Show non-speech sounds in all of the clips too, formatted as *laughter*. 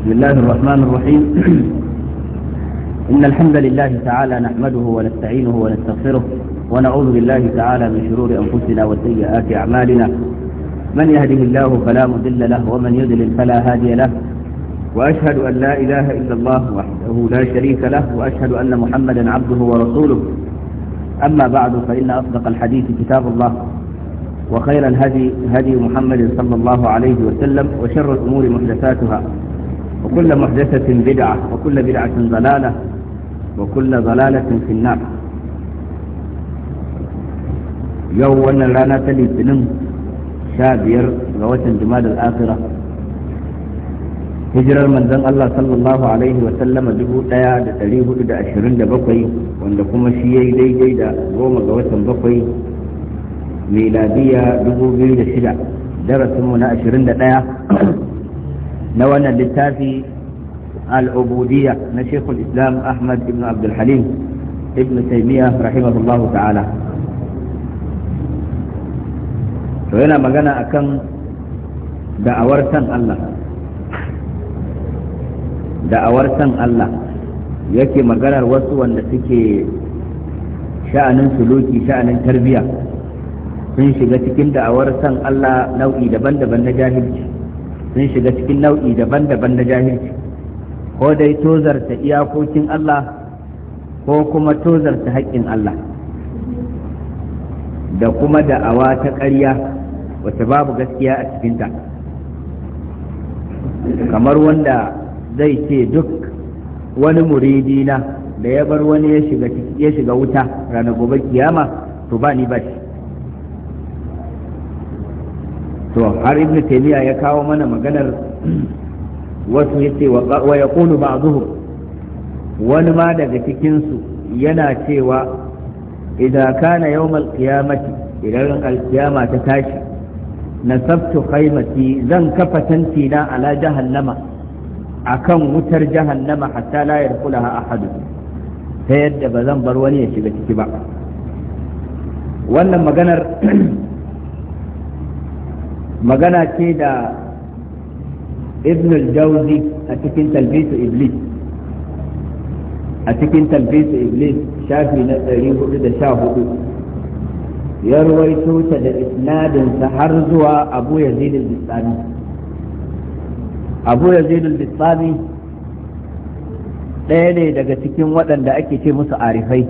بسم الله الرحمن الرحيم *clears throat* إن الحمد لله تعالى نحمده ونستعينه ونستغفره ونعوذ بالله تعالى من شرور أنفسنا وسيئات أعمالنا من يهده الله فلا مضل له ومن يضلل فلا هادي له وأشهد أن لا إله إلا الله وحده لا شريك له وأشهد أن محمدا عبده ورسوله أما بعد فإن أصدق الحديث كتاب الله وخير الهدي هدي محمد صلى الله عليه وسلم وشر الأمور محدثاتها وكل محدثة بدعة وكل بدعة ضلالة وكل ضلالة في النار yau wannan rana ta litinin sha biyar ga watan jimadar asira hijirar manzon Allah sallallahu alaihi wa sallama dubu daya da dari hudu da ashirin da bakwai wanda kuma shi ya yi daidai da goma ga watan bakwai miladiya dubu biyu da shida darasinmu na ashirin da daya na wannan littafi al'ubudiyya na shekul islam ahmad ibn abdulhalim ibn taimiyya rahimahullahu ta'ala to yana magana akan da'awar san Allah da'awar san Allah yake maganar wasu wanda suke sha'anin suluki sha'anin tarbiyya sun shiga cikin da'awar san Allah nau'i daban-daban na jahilci sun shiga cikin nau'i daban-daban na jahilci ko dai tozarta iyakokin Allah ko kuma tozarta haƙƙin Allah da kuma da'awa ta ƙarya wata babu gaskiya a cikinta kamar wanda zai ce duk wani muridina da ya bar wani ya shiga wuta ranar gobe kiyama to ba ni ba shi to har ibn taymiya ya kawo mana maganar wasu yace wa yaqulu ba'dhum wani ma daga cikin su yana cewa idan kana yawmal qiyamati idan alkiyama ta tashi nasabtu khaymati zan kafa tanti na ala jahannama akan wutar jahannama hatta la yadkhulaha ahad ta yadda ba zan bar wani ya shiga ciki ba wannan maganar magana ce da ibn al-jawzi a cikin talbisu iblis a cikin talbisu iblis shafi na 414 ya ruwaito ta da isnadinsa har zuwa abu yazid al-bistami abu yazid al-bistami ɗaya ne daga cikin waɗanda ake ce musu arifai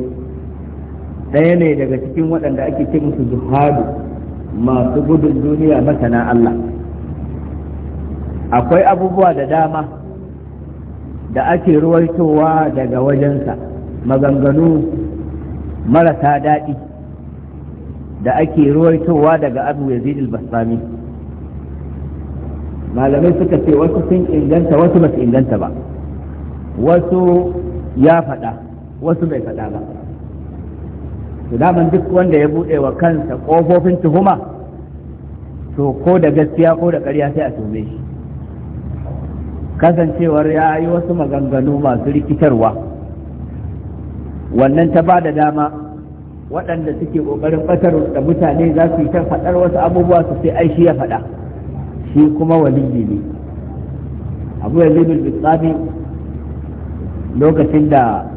ɗaya ne daga cikin waɗanda ake ce musu zuhadu masu gudun duniya masana Allah akwai abubuwa da dama da ake ruwaitowa daga wajensa maganganu marasa daɗi da ake ruwaitowa daga abu yazid al-bassami malamai suka ce wasu sun inganta wasu ba su inganta ba wasu ya faɗa wasu bai faɗa ba to daman duk wanda ya buɗe wa kansa kofofin tuhuma to ko da gaskiya ko da ƙarya sai a tome shi kasancewar ya yi wasu maganganu masu rikitarwa wannan ta ba da dama waɗanda suke ƙoƙarin ɓatar da mutane za su yi ta faɗar wasu abubuwa su sai ai shi ya faɗa shi kuma waliyi ne abu ya libin lokacin da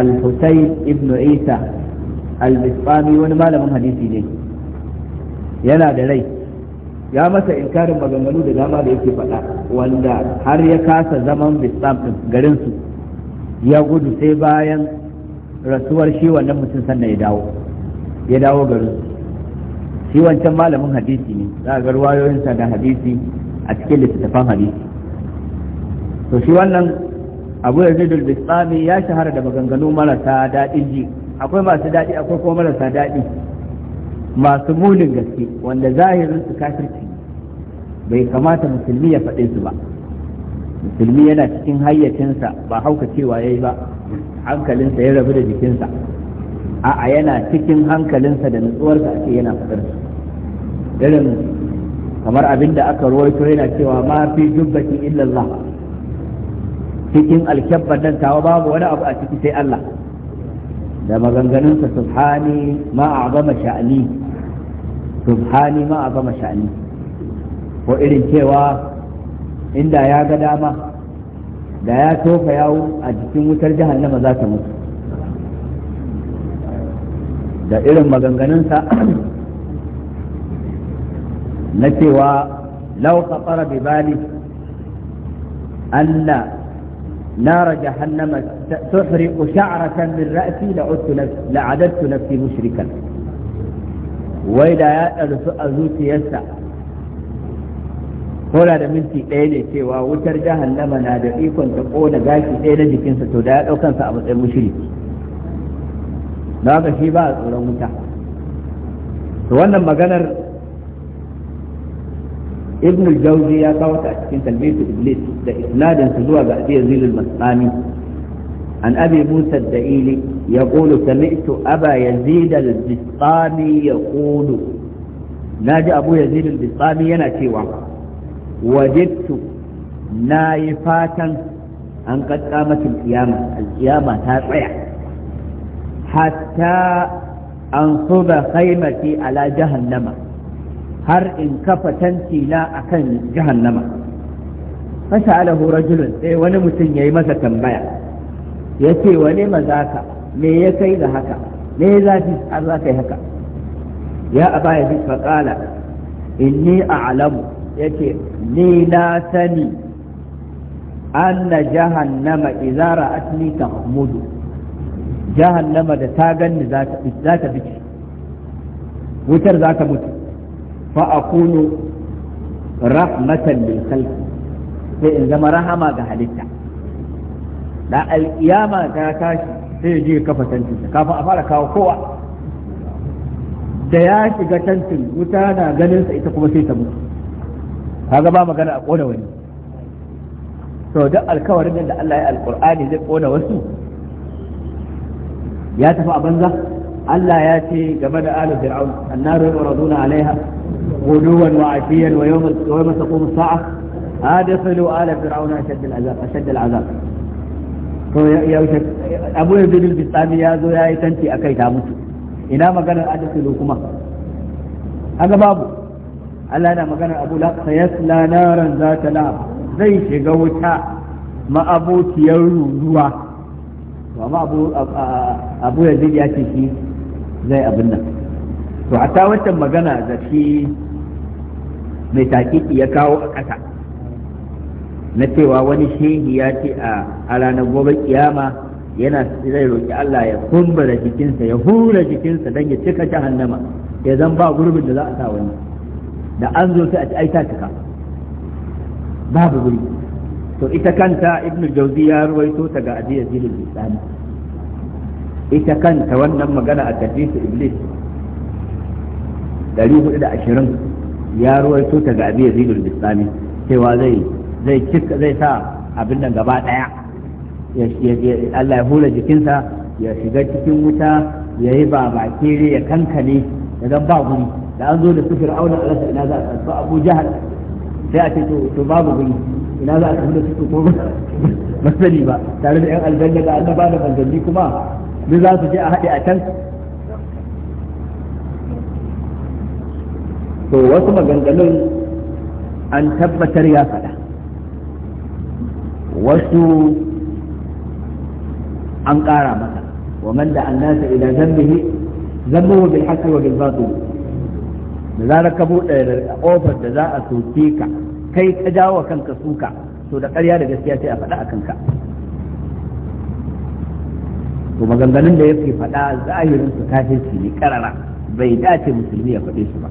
al-husayn ibn isa al-bisbami wani malamin hadisi ne yana da rai ya masa inkarin maganganu da dama da yake faɗa wanda har ya kasa zaman bisbam garinsu garin ya gudu sai bayan rasuwar shi wannan mutum sannan ya dawo ya shi wancan malamin hadisi ne za ga ruwayoyinsa da hadisi a cikin littattafan hadisi to shi wannan abu yazid al ya shahara da maganganu marasa daɗin ji akwai masu daɗi akwai kuma marasa daɗi masu mulin gaske wanda zahirin su kafirci bai kamata musulmi ya faɗe su ba musulmi yana cikin hayyacinsa ba hauka cewa ya yi ba hankalinsa ya rabu da jikinsa a'a yana cikin hankalinsa da nutsuwarsa ake yana faɗar irin kamar abin da aka ruwaito yana cewa ma fi jubbati illallah cikin alkyabban nan tawa babu wani abu a ciki sai Allah da maganganunsa subhani ma azama sha'ani subhani ma azama sha'ani ko irin cewa inda ya ga dama da ya tofa yawo a jikin wutar jahannama za ta mutu da irin maganganunsa *clears throat* na cewa lau ka bi bali Allah نار جهنم تحرق شعرة من رأسي لعدت نفسي لعددت نفسي مشركا وإذا يأتي أزوتي يسع kola da minti ɗaya ne cewa wutar jahannama na da ikon ta ƙona gashi ɗaya na jikinsa to da ya ɗaukansa a matsayin mushriki da haka shi ba a tsoron wuta to wannan maganar ibn al ya kawo a cikin talbiyatu iblis da isnadin zuwa ga abi yazid al an abi musa al-da'ili yaqulu sami'tu aba yazid al-bistami yaqulu naji abu yazid al yana cewa wajidtu na yi fatan an ta tsaya hatta an suba khaymati har in kafa tanti na akan jahannama fasa'alahu rajulun sai wani mutum ya yi masa tambaya yace maza mazaka me ya kai da haka me zafi har za ka yi haka ya aba yazid fa qala inni a'lamu yace ni na sani anna jahannama idza ra'atni mudu. jahannama da ta ganni za ta bice wutar za ta mutu fa akunu rahmatan lil khalqi sai in zama rahama ga halitta da alkiyama ta tashi sai je kafa tantin kafin a fara kawo kowa da ya shiga tantin wuta na ganin sa ita kuma sai ta mutu kaga ba magana a kona wani to duk alkawarin da Allah ya Alƙur'ani zai kona wasu ya tafi a banza Allah ya ce game da alu fir'aun annaru yuraduna alaiha غدوا وعشيا ويوم ويوم تقوم الساعة أدخلوا آل فرعون أشد العذاب أشد العذاب أبو يزيد البستاني يا زو يا أكيد أموت إنا ما كان أدخلوا كما هذا بابو Allah yana magana Abu Lahab sayasla naran za ta lahab zai shiga wuta ma'abociyar ruruwa amma abu abu ya ce shi zai abin nan to hatta wancan magana da shi mai taƙiƙi ya kawo a ƙasa na cewa wani shehi ya ce a ranar gobe kiyama yana zai roƙi Allah ya kumbura jikinsa ya hura jikinsa don ya cika jahannama ya zan ba gurbin da za a sa wani da an zo sai a ci aita cika babu guri to ita kanta ibn jauzi ya ruwaito ta ga ajiyar zilin lisani ita kanta wannan magana a tafisu iblis 420 ya ruwaito ta ga abi yazid al-bistami cewa zai zai cika zai sa abin nan gaba daya Allah ya hula jikinsa ya shiga cikin wuta ya yi babakere ya kankane ya zan ba guri da an zo da su fir'auna a rasa ina za a tafi abu jahal sai a ce to babu guri ina za a tafi da su ko ba sani ba tare da yan aljanna da annaba da manzanni kuma duk za su je a haɗe a can to wasu maganganun an tabbatar ya faɗa wasu an ƙara masa wa man da an idan zambihi zambuhu bil haqqi wa bil batil da zarar ka buɗe ofar da za a soke ka kai ka jawo kanka suka to da ƙarya da gaskiya sai a faɗa a kanka to maganganun da yake faɗa zahirin su kafirci ne karara bai dace musulmi a faɗe su ba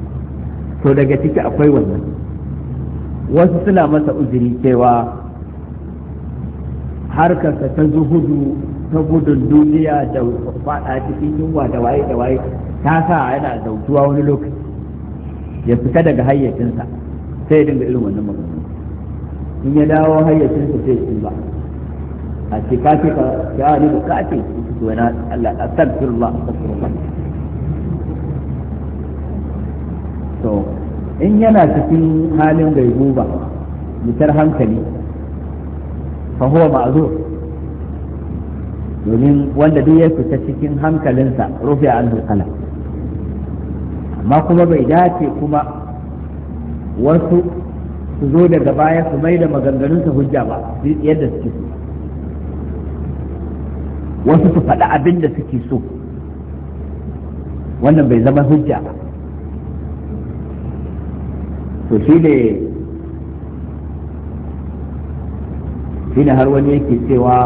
to daga ciki akwai wannan wasu suna masa uzuri cewa harkarsa ta zuhudu ta gudun duniya da faɗa cikin yunwa da waye da waye ta sa yana zautuwa wani lokaci ya fita daga hayyacinsa sai ya dinga irin wannan magana in ya dawo hayyacinsa sai ya ba a ce ka ce ka ya wani ka ce su na Allah astaghfirullah astaghfirullah to in yana cikin halin gaibuba mutar hankali fa huwa ma'zur domin wanda duk ya fita cikin hankalinsa rufe an kala amma kuma bai dace kuma wasu su zo daga baya su mai da maganganunsa hujja ba yadda suke so wasu su faɗi abin da suke so wannan bai zama hujja ba to shi ne har wani yake cewa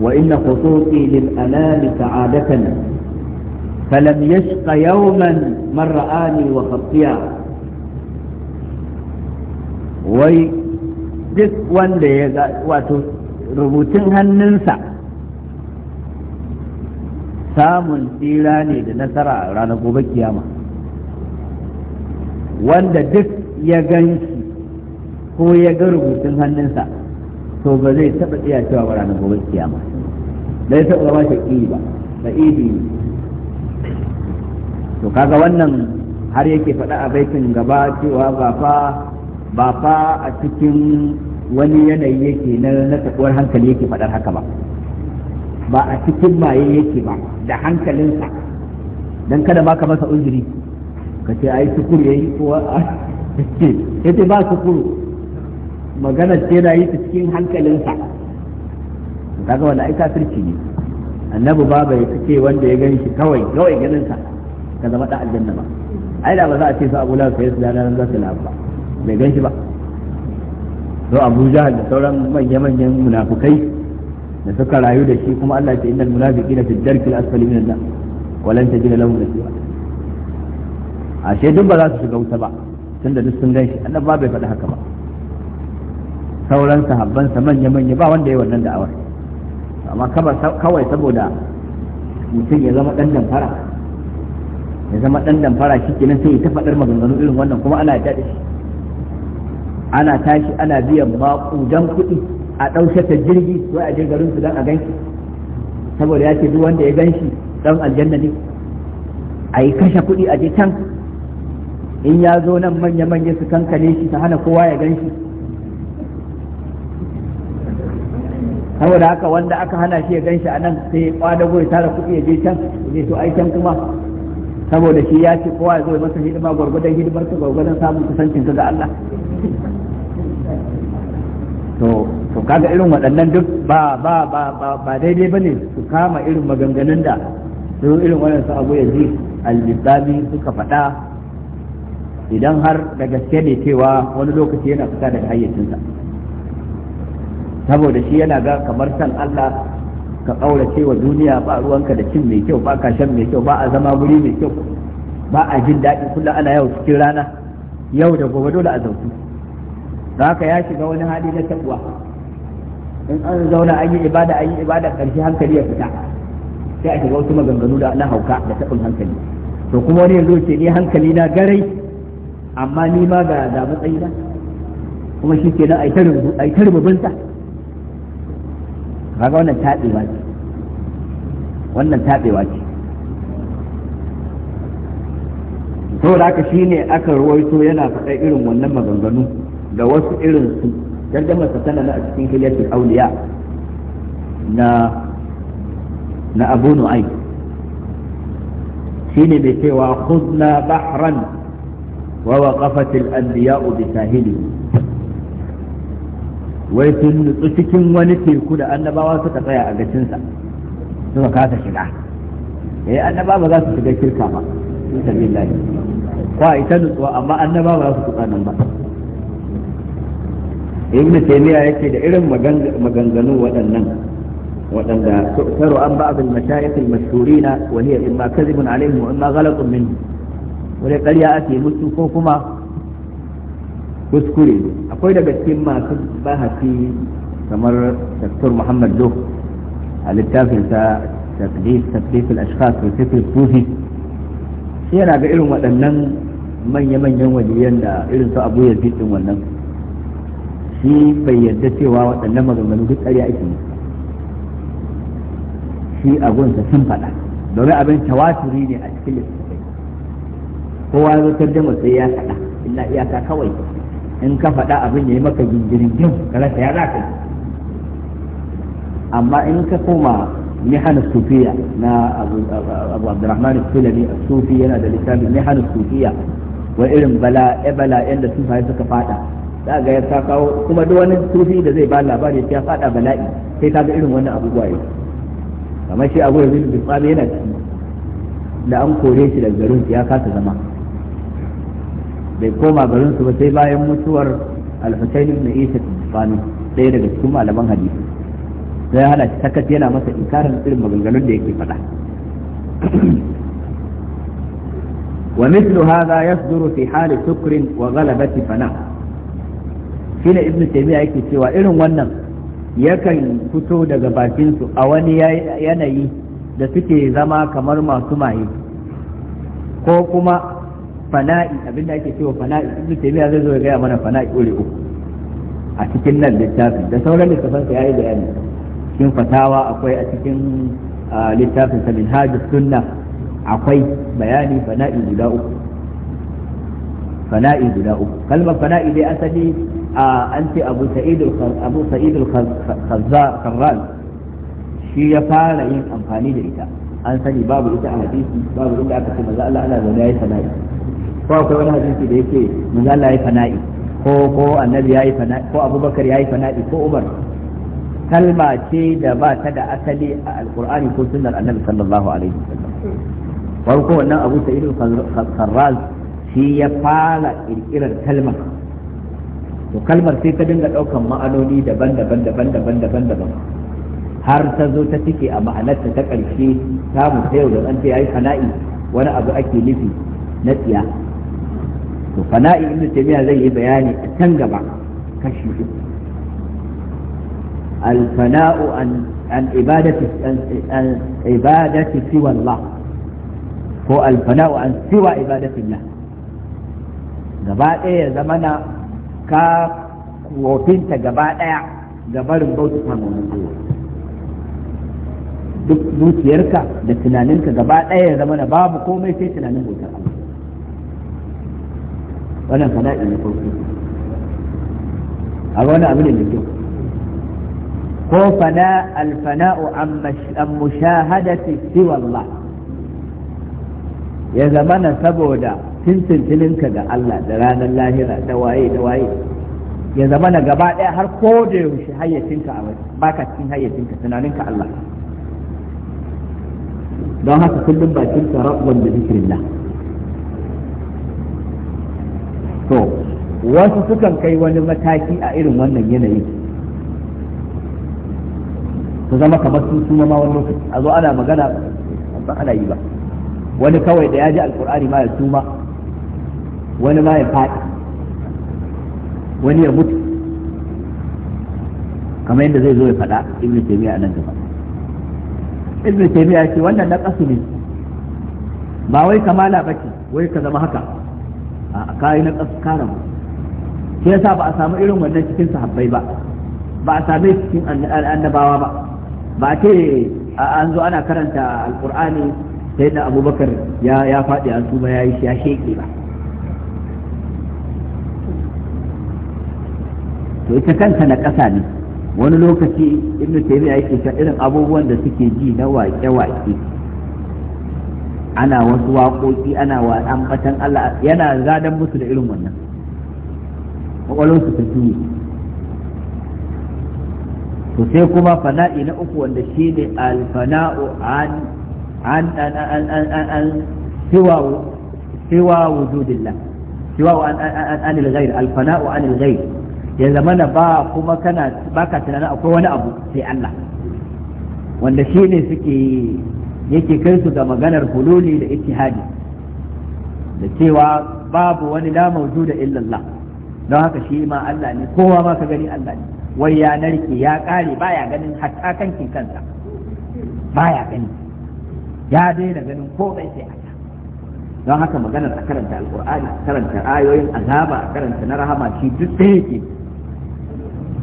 wa inna khusuqi lil anami sa'adatan falam yashqa yawman man ra'ani wa khatiya wai duk wanda ya ga wato rubutun hannunsa samun tsira ne da nasara a ranar gobe kiyama wanda duk ya gan shi ko ya ga rubutun hannunsa to ba zai taɓa tsaya cewa ba ranar gobe kiyama zai taɓa zama shaƙi ba da ne. to kaga wannan har yake faɗa a baitin gaba cewa ba fa ba fa a cikin wani yanayi yake na na taɓuwar hankali yake faɗar haka ba ba a cikin maye yake ba da hankalinsa don kada ma ka masa uzuri ka ce ai sukuru yayi ko ya ce ba sukuru magana ce na yi cikin hankalinsa kaga wanda ai kafirci ne annabi ba bai ce wanda ya gani shi kawai kawai ganin sa ka zama da aljanna ba ai da ba za a ce su abu la sai su da nan za su lafa ba bai gan shi ba to Abu Jahal da sauran manya-manyan munafukai da suka rayu da shi kuma Allah ya ce innal munafiqina fi ddarki al-asfali minan nar walan tajida lahum nasiba ashe duk ba za su shiga wuta ba tun da duk sun ganshi annabi ba bai faɗi haka ba sauran sahabban sa manya manya ba wanda ya wannan da'awar amma kawai saboda mutum ya zama dan damfara ya zama dan damfara shi kenan sai ya ta faɗar maganganu irin wannan kuma ana daɗe shi ana tashi ana biyan maƙudan kuɗi a ɗaushe ta jirgi wai a je garin su dan a shi saboda ya ce duk wanda ya ganshi dan aljanna ne a yi kashe kuɗi a je can in ya zo nan manya-manya su kankane shi ta hana kowa ya gan shi saboda haka wanda aka hana shi ya gan shi a nan sai ya kwadago ya tara kuɗi ya je can zai so ai can kuma saboda shi ya ce kowa ya zo masa hidima gwargwadon hidimar ka gwargwadon samun kusancin ka ga Allah to to kaga irin waɗannan duk ba ba ba ba daidai bane su kama irin maganganun da su irin waɗansu abu yanzu al suka faɗa idan har da gaske ne cewa wani lokaci yana fita daga hayyacinsa saboda shi yana ga kamar san Allah ka kaura cewa duniya ba ruwanka da cin mai kyau ba ka shan mai kyau ba a zama guri mai kyau ba a jin daɗi kullum ana yau cikin rana yau da gobe dole a zautu da haka ya shiga wani hali na taɓuwa in an zauna an yi ibada an yi ibada ƙarshe hankali ya fita sai a shiga wasu maganganu da na hauka da taɓin hankali to kuma wani yanzu ce ni hankali na garai amma ni ma ga da matsayi ba kuma shi ke nan a yi ta rububinsa kaga wannan taɓewa ce wannan taɓewa ce da aka shi ne aka ruwaito yana faɗa irin wannan maganganu da wasu irin su gargamar tana na a cikin hilyatul auliya na na abu nu'ayn shine mai cewa khudna bahran ووقفت الأنبياء بساهله wai sun nutsu cikin wani teku da annabawa suka tsaya a gashinsa suka kasa shiga eh annabawa ba za su shiga shirka ba sabillahi kwa ita nutsuwa amma annabawa za su tuka ba ibn taymiya yake da irin maganganu waɗannan waɗanda tu'taru an ba'd al wa wani ƙarya ake mutu ko kuma kuskure akwai daga cikin masu bahasi kamar Dr. Muhammad Lo a littafinsa taqdis taqdis al-ashkhas wa fikr sufi shi yana ga irin waɗannan manya-manyan waliyan da irin su Abu Yazid din wannan shi bai yarda cewa waɗannan maganganu duk ƙarya ake musu shi a abunsa sun faɗa domin abin tawaturi ne a cikin littafin. kowa ya zartar da sai ya faɗa illa iyaka kawai in ka faɗa abin ya yi maka gingirin jin ka ya za ka yi amma in ka koma mihan sufiya na abu abdurrahman sulami sufi yana da littafi mihan sufiya wa irin bala eh, bala yadda sufaye suka fada za ga ya kawo kuma duk wani sufi da zai ba labari ya fada bala'i sai ga irin wannan abubuwa yau kamar shi abu yanzu bisami yana ciki da an kore shi daga garin ya kasa zama bai koma garin su ba sai bayan mutuwar al-Husayn ibn Isa al-Bani ɗaya daga cikin malaman hadisi sai hada shi sakat yana masa inkarin irin maganganun da yake faɗa wa mithlu hadha yasduru fi hali sukrin wa ghalabati fana shine ibnu taymiya yake cewa irin wannan yakan fito daga bakin su a wani yanayi da suke zama kamar masu maye ko kuma fana'i abinda ake cewa fana'i ibnu taymiya zai zo ya gaya mana fana'i ure uku a cikin nan littafin da sauran littafin sa yayi bayani cikin fatawa akwai a cikin littafin sa minhajus sunna akwai bayani fana'i guda uku fana'i guda uku kalmar fana'i dai asali an ce abu sa'id abu sa'id al-kharral shi ya fara yin amfani da ita an sani babu ita a hadisi babu inda aka ce manzo Allah ana zaune yi sana'i ko akwai wani hadisi da yake manzo Allah ya fana'i ko ko annabi ya yi fana'i ko abubakar ya yi fana'i ko umar kalma ce da ba ta da asali a alkur'ani ko sunnar annabi sallallahu alaihi wasallam farko wannan abu sa'id al-kharraz shi ya fara kirkirar kalmar to kalmar sai ta dinga daukan ma'anoni daban-daban daban-daban daban-daban har ta zo ta cike a ma'anarta ta ƙarshe ta yau da ɗan ya yi fana'i wani abu ake nufi na tsiya to fana'i ibn taymiya zai yi bayani a can gaba kashi uku al-fana'u an an ibadati an siwa Allah ko al-fana'u an siwa ibadati Allah gaba ɗaya zamana ka wofinta gaba ɗaya ga barin bautuka ma wani duk zuciyarka da tunaninka gaba ɗaya ya zama na babu komai sai tunanin bautar wannan fada'i na farko a wani abu ne mai kyau ko fana alfana'u an mushahadati siwa Allah ya zamana saboda tintintininka ga Allah da ranar lahira da waye da waye ya zama na gaba ɗaya har ko da yaushe hayyacinka a baka cikin hayyacinka tunaninka Allah don haka kullum bakinka rabban da zikirin Allah to wasu sukan kai wani mataki a irin wannan yanayi su zama kamar sun suma ma wani lokaci a zo ana magana ba ana yi ba wani kawai da ya ji alkur'ani ma ya suma wani ma ya faɗi wani ya mutu kamar yadda zai zo ya faɗa ibn taymiya nan gaba ibn taymiya ce wannan na ƙasu ne ba wai kamala bace wai ka zama haka a kayi na kaskara shi yasa ba a samu irin wannan cikin sahabbai ba ba a same cikin annabawa ba ba ce an zo ana karanta alkur'ani sai da abubakar ya ya faɗi an tuba ya yi ya sheke ba to ita kanta na ƙasa ne wani lokaci ibnu taymiya yake ta irin abubuwan da suke ji na waƙe-waƙe ana wasu waƙoƙi ana wa ambatan Allah yana zadan musu da irin wannan kwakwalwarsu ta juye to sai kuma fana'i na uku wanda shi ne alfana'u an an an an an an an siwa siwa wujudillah an an an al-ghair alfana'u an al-ghair ya zamana ba kuma kana baka tunanin akwai wani abu sai Allah wanda shi ne suke yake kai su ga maganar hululi da ittihadi da cewa babu wani la mawjuda illallah don haka shi ma Allah ne kowa ma ka gani Allah ne wai ya narke ya kare baya ganin hatta kankin kansa baya gani ya daina ganin ko bai sai Allah don haka maganar a karanta alqur'ani karanta ayoyin azaba a karanta na rahama shi duk da yake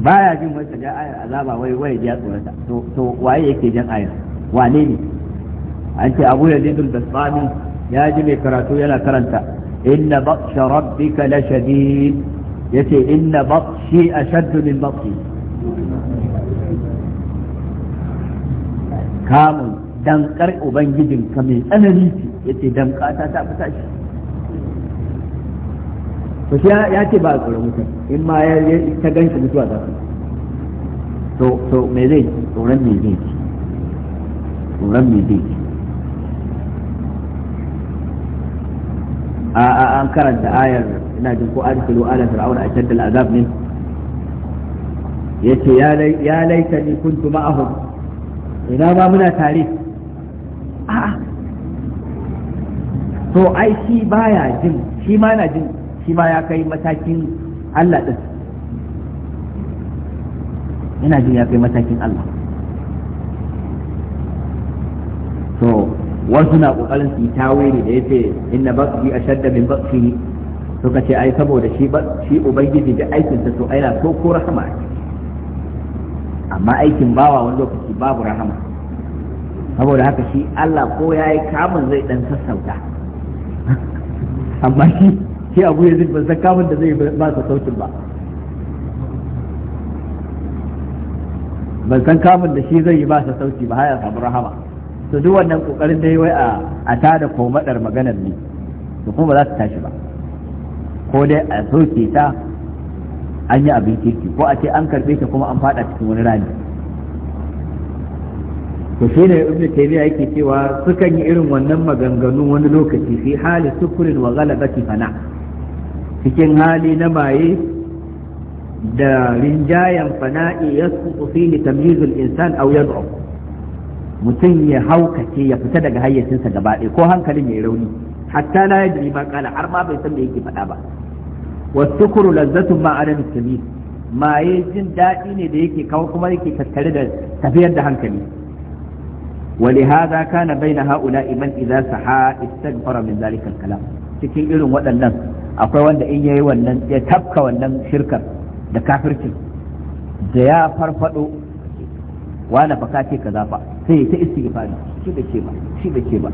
baya jin wata ga ayar azaba wai wai ya tsorata to to waye yake jin ayar wane ne an ce abu ya lidul basami ya ji mai karatu yana karanta inna batsha rabbika la shadid yace inna batshi ashaddu min batshi kamun dankar ubangijin ka mai tsanani ce yace damka ta ta fita shi to shi ya ce ba a mutum in ma ya ta ganshi mutuwa za su to me zai tsoron me zai tsoron me zai a an karanta ayar ina jin ko an adkhilu ala fir'auna ashadda al'azab ne yace ya laita ni kuntu ma'ahum ina ba muna tare a'a to ai shi baya jin shi ma na jin shi ma ya kai matakin Allah din Ina jin ya kai matakin Allah to wasu na kokarin su yi tawili da yace inna baqi ashadda min baqi suka ce ai saboda shi shi ubangiji da aikin sa to ai na so ko rahama amma aikin bawa wani lokaci babu rahama saboda haka shi Allah ko yayi kamun zai dan sassauta *laughs* amma shi shi abu ya zai san kamun da zai ba sa sautin ba ban san kamun da shi zai yi ba sa sauti ba har ya samu rahama to duk wannan kokarin da wai a tada ko madar maganar ne to kuma ba za su tashi ba ko dai a soke ta an yi abin kirki ko a ce an karbe ta kuma an fada cikin wani rami to shi ne ibn taymiya yake cewa sukan yi irin wannan maganganu wani lokaci fi hali sukurin wa ghalabati fana cikin hali na maye da rinjayan fana'i yasqutu fihi tamyizul insan aw yad'u mutum ya haukace ya fita daga hayyacinsa gaba ɗaya ko hankalin ya rauni hatta la yadri ma qala har ma bai san da yake faɗa ba wasukuru lazzatun ma adam sabil maye jin daɗi ne da yake kawo kuma yake tattare da tafiyar da hankali ولهذا كان بين هؤلاء sa إذا سحى استغفر من ذلك الكلام cikin irin waɗannan akwai wanda in wannan ya tafka wannan shirkar da kafircin da ya farfaɗo? wani fa kace ka fa sai ta istighfari shi da ke ba shi da ke ba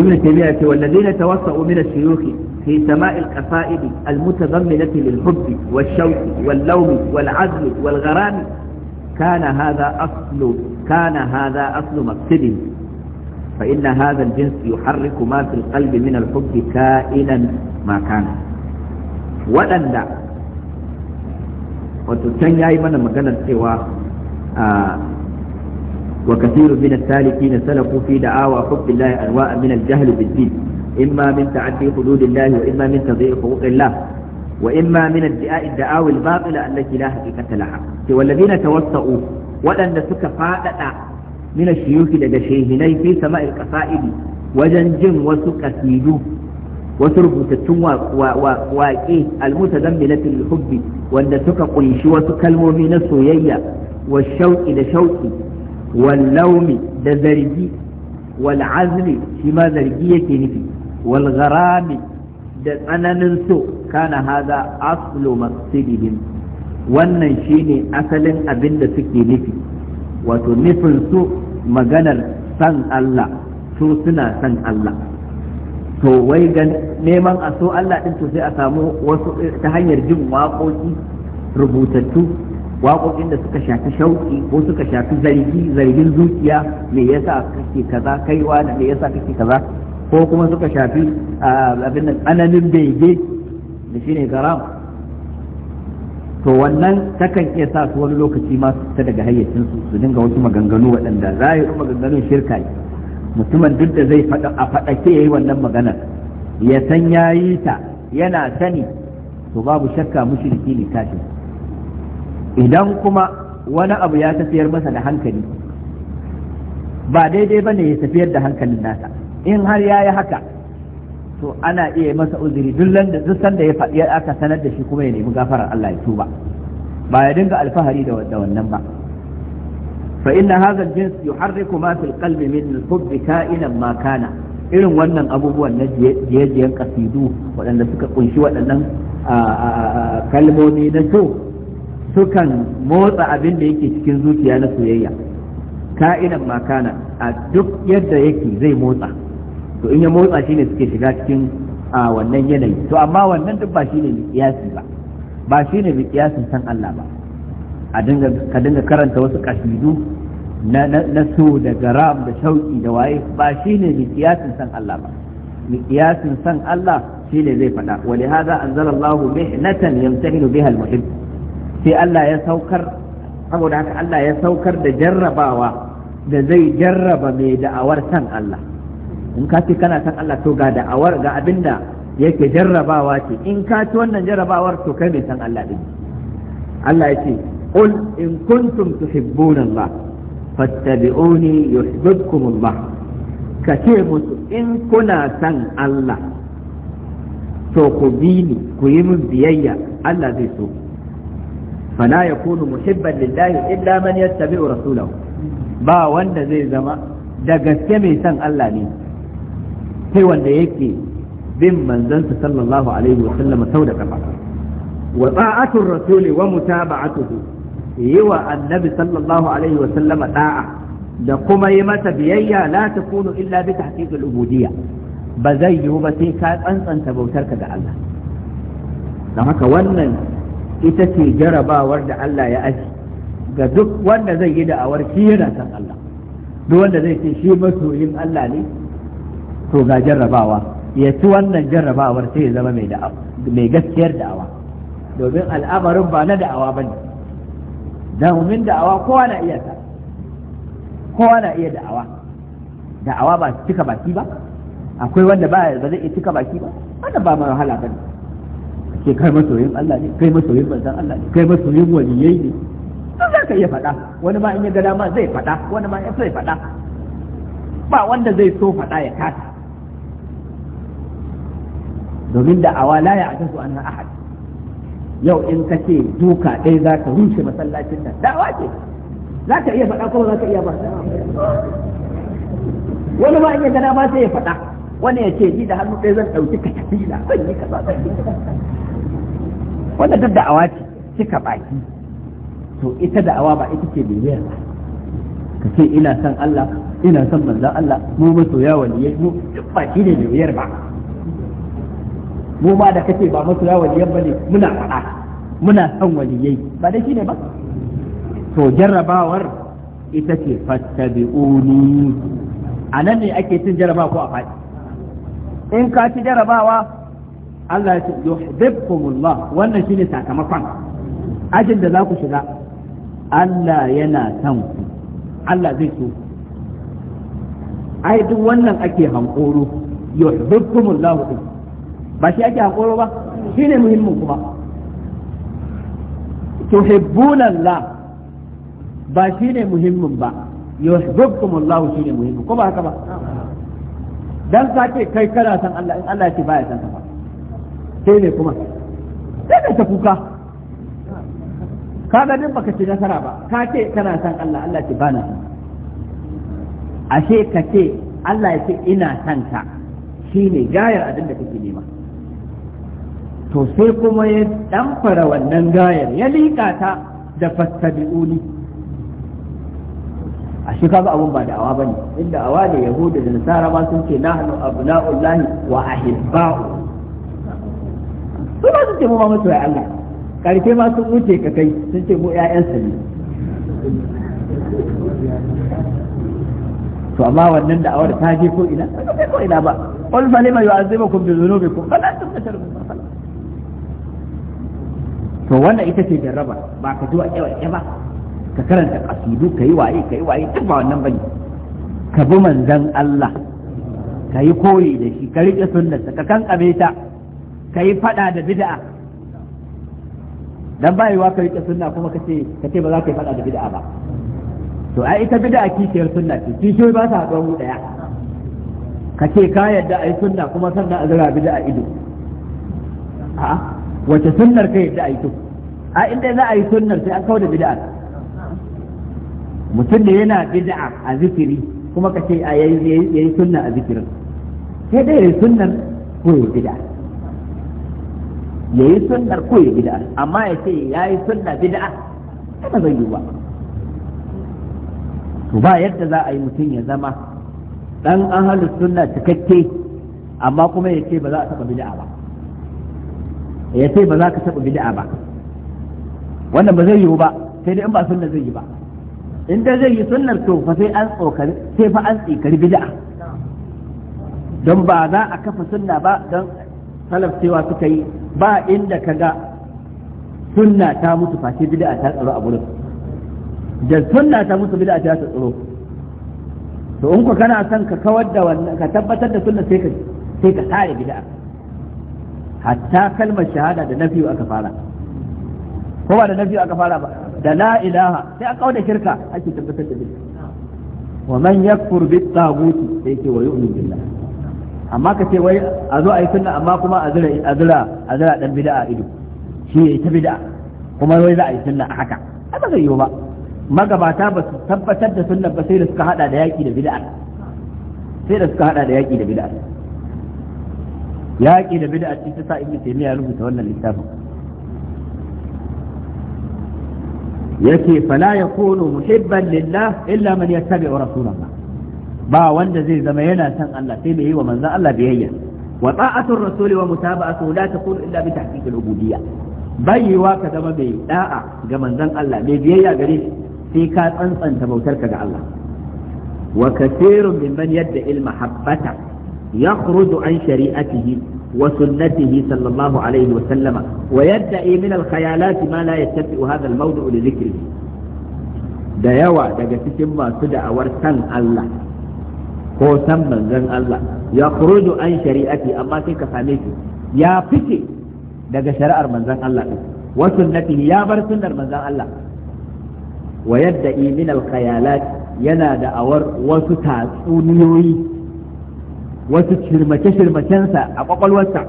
ibn taymiya ce wallazi na tawassa umar shuyuhi fi sama'il qasaidi almutazammilati lil hubb wal shawq wal lawm wal azl wal gharam kana hadha aslu kana hadha aslu maqsidi فإن هذا الجنس يحرك ما في القلب من الحب كائنا ما كان ولن لا وتتنيا من مجال السواق وكثير من السالكين سلكوا في دعاوى حب الله انواع من الجهل بالدين اما من تعدي حدود الله واما من تضييع حقوق الله واما من ادعاء الدعاوى الباطله التي لا حقيقه لها والذين توسعوا ولن سك فاددا من الشيوخ لدى شيهني في سماء القصائد وجنجم وسك سيدو وتربو تتوى واقي المتذملة الحب وان سك قنشي وسك المؤمن السويية wa shauƙi da shauƙi wal laumi da zargi wal azli shi ma zargi yake nufi wal gharami da tsananin so kana haza aslu maqsidihim wannan shine asalin abin da suke nufi wato nufin su maganar san Allah su suna san Allah to wai ga neman a Allah ɗin sosai a samu wasu ta hanyar jin waƙoƙi rubutattu waƙoƙin da suka shafi shauƙi ko suka shafi zargi zargin zuciya me yasa kake kaza kaiwa da me yasa kake kaza ko kuma suka shafi abin nan tsananin bege da shine garam to wannan takan iya sa su wani lokaci ma su ta daga hayyacin su su dinga wasu maganganu waɗanda zahirin maganganun shirka ne mutumin duk da zai faɗa a faɗake yayi wannan maganar ya san yayi ta yana sani to babu shakka mushriki ne kafin idan kuma wani abu ya tafiyar masa da hankali ba daidai ba ne ya tafiyar da hankalin nasa in har ya yi haka to ana iya masa uzuri da duk da ya faɗi aka sanar da shi kuma ya nemi gafarar Allah ya tuba ba ya dinga alfahari da wannan ba fa inna hadha al-jins yuharriku ma fil qalbi min al-hubbi ka'inan ma kana irin wannan abubuwan na jiyajiyan kasidu waɗanda suka kunshi waɗannan kalmomi na so sukan motsa abin da yake cikin zuciya na soyayya ka'inan makana a duk yadda yake zai motsa to in ya motsa shi ne suke shiga cikin a wannan yanayi to amma wannan duk ba ne miƙiyasi ba ba ne miƙiyasin san Allah ba ka dinga karanta wasu kasidu na so da garam da shauki da waye ba ne miƙiyasin san Allah ba miƙiyasin san Allah shi ne zai faɗa wa lihaza anzalallahu mihnatan yamtahinu biha al-muhibb sai Allah ya saukar saboda haka Allah ya saukar da jarrabawa da zai jarraba mai da'awar san Allah in ka ce kana san Allah to ga da'awar ga abinda yake jarrabawa ce in ka ci wannan jarrabawar to kai mai san Allah din Allah ya ce qul in kuntum tuhibbuna Allah fattabi'uni yuhibbukum Allah ka ce musu in kuna san Allah to ku bi ni ku yi min biyayya Allah zai so ku fala yakunu muhibban lillahi illa man yattabi'u rasulahu ba wanda zai zama da gaske mai san Allah ne sai wanda yake bin manzansa sallallahu alaihi wa sallama sau da kafa wa ta'atul rasuli wa mutaba'atuhu yi wa annabi sallallahu alaihi wa sallama da kuma yi masa biyayya la takunu illa bi tahqiqil ubudiyya ba zai yiwu ba sai ka tsantsanta bautarka ga Allah don haka wannan ita ce jarabawar da Allah ya aji ga duk wanda zai yi da'awar shi yana san Allah duk wanda zai ce shi masoyin Allah ne to ga jarrabawa ya ci wannan jarrabawar sai ya zama mai gaskiyar da'awa domin al'amarin ba na da'awa ba ne domin da'awa kowa na iya ta kowa na iya da'awa da'awa ba cika baki ba akwai wanda ba zai iya cika baki ba Wannan ba mai wahala ba ne ke kai masoyin Allah ne kai masoyin manzon Allah ne kai masoyin waliyai ne to za ka iya faɗa wani ma in ya ga dama zai faɗa wani ma ya zai faɗa ba wanda zai so faɗa ya kasa domin da awa la ya ajazu an ahad yau in ka ce duka ɗaya za ka rushe masallacin nan da'awa ce za ka iya faɗa ko za ka iya ba wani ma in ya ga dama sai ya faɗa wani ya ce ni da hannu ɗaya zan ɗauki katafila zan yi kaza zan yi wanda duk da'awa ce cika baki to ita da'awa ba ita ce bibiyar ba ka ce ina son Allah ina son manzan Allah mu masoya waliyai mu duk ba shi ne bibiyar ba mu ma da kace ba masoya waliyai ba ne muna faɗa muna son waliyai ba da shi ne ba to jarrabawar ita ce fattabi'uni a nan ne ake cin jarrabawa ko a faɗi in ka ci jarrabawa Allah ya ce yuhibbukumullah wannan shine sakamakon ajin da za ku shiga Allah yana son ku Allah zai so ai duk wannan ake hankoro yuhibbukumullah ba shi ake hankoro ba shine muhimmin kuma tuhibbunallah ba shine muhimmin ba yuhibbukumullah shine muhimmin ko ba haka ba dan sake kai kana san Allah in Allah ya ce baya san ka sai ne kuma sai ka ta kuka kaga din baka ci nasara ba ka ce kana san Allah Allah ce bana ashe ka ce Allah ya ce ina san ka shine gayar abin da kake nema to sai kuma ya damfara wannan gayar ya liƙa ta da fastabi'uni a shi kaga abun ba da'awa bane inda awa da yahuda da nasara ba sun ce nahnu abna'ullahi wa ahibba'u ce mu ma ya Allah karfe ma sun wuce ka kai sun ce mu ƴaƴansa ne to amma wannan da awar ta je ko ina ba kai ko ina ba qul fa lima yu'azzibukum bi dhunubikum fala tabtaru to wannan ita ce jarraba ba ka zuwa yawa ba ka karanta kasidu kai waye kai waye duk ba wannan bane ka bi manzon Allah ka yi koyi da shi ka riƙe sunnarsa ka kankame ta ka yi faɗa da bid'a dan ba yiwa ka rike sunna kuma kace kace ba za ka yi fada da bid'a ba to ai ita bid'a kishiyar sunna ce kishiyoyi ba sa haɗuwa mu daya kace ka yadda ai sunna kuma sannan a zira bid'a ido a wace sunnar ka yadda ai to a inda za a yi sunnar sai an kawo da bid'a mutum da yana bid'a a zikiri kuma kace a yayi sunna a zikirin sai dai sunnar ko bid'a ya yi sunnar ko ya bid'a amma ya ce ya yi sunna bid'a kada zai yi ba to ba yadda za a yi mutum ya zama dan ahalu sunna cikakke amma kuma ya ce ba za a taba bid'a ba ya ce ba za ka taba bid'a ba wannan ba zai yi ba sai dai in ba sunna zai yi ba in dai zai yi sunnar to fa sai an tsokari sai fa an tsikari bid'a don ba za a kafa sunna ba don salaf cewa suka yi ba inda ka ga sunna ta mutu face bid'a ta tsaro a gurin da sunna ta mutu bid'a ta tsaro to in ku kana son ka kawar da wannan ka tabbatar da sunna sai ka sai ka A bid'a hatta kalmar shahada da nafiyu aka fara ko ba da nafiyu aka fara ba da la ilaha sai a kauda shirka ake tabbatar da bid'a wa man yakfur bit taguti sai ke wa yu'min billah amma ka ce wai a zo a yi sunna amma kuma a zira a zira a zira dan bid'a ido shi yayi ta bid'a kuma wai za a yi sunna a haka ai ba zai yiwu ba magabata ba su tabbatar da sunna ba sai da suka hada da yaki da bid'a sai da suka hada da yaki da bid'a yaki da bid'a ce ta sa ibnu taymiya rubuta wannan littafin yake fala yakunu muhibban lillah illa man yattabi'u rasulallah ba wanda zai zama yana son Allah sai bai yi wa manzon Allah biyayya wa ta'atur rasuli wa mutaba'atu la takunu illa bi tahqiqil ubudiyya bayyewa ka zama mai da'a ga manzon Allah mai biyayya gare shi sai ka tsantsanta bautarka ga Allah wa kathirun mimman yadda ilma habbata yakhruju an shari'atihi وسنته wa الله عليه وسلم ويدعي من الخيالات ما لا يتبع هذا الموضع لذكره da yawa daga cikin masu da'awar san Allah san manzon Allah ya kurudu an shari'ati amma sai ka same shi ya fice daga shari'ar manzon Allah din wa sunnati ya bar sunnar manzon Allah wa yadda min al khayalat yana da awar wasu tatsuniyoyi wasu shirmace-shirmacensa a kwakwalwarsa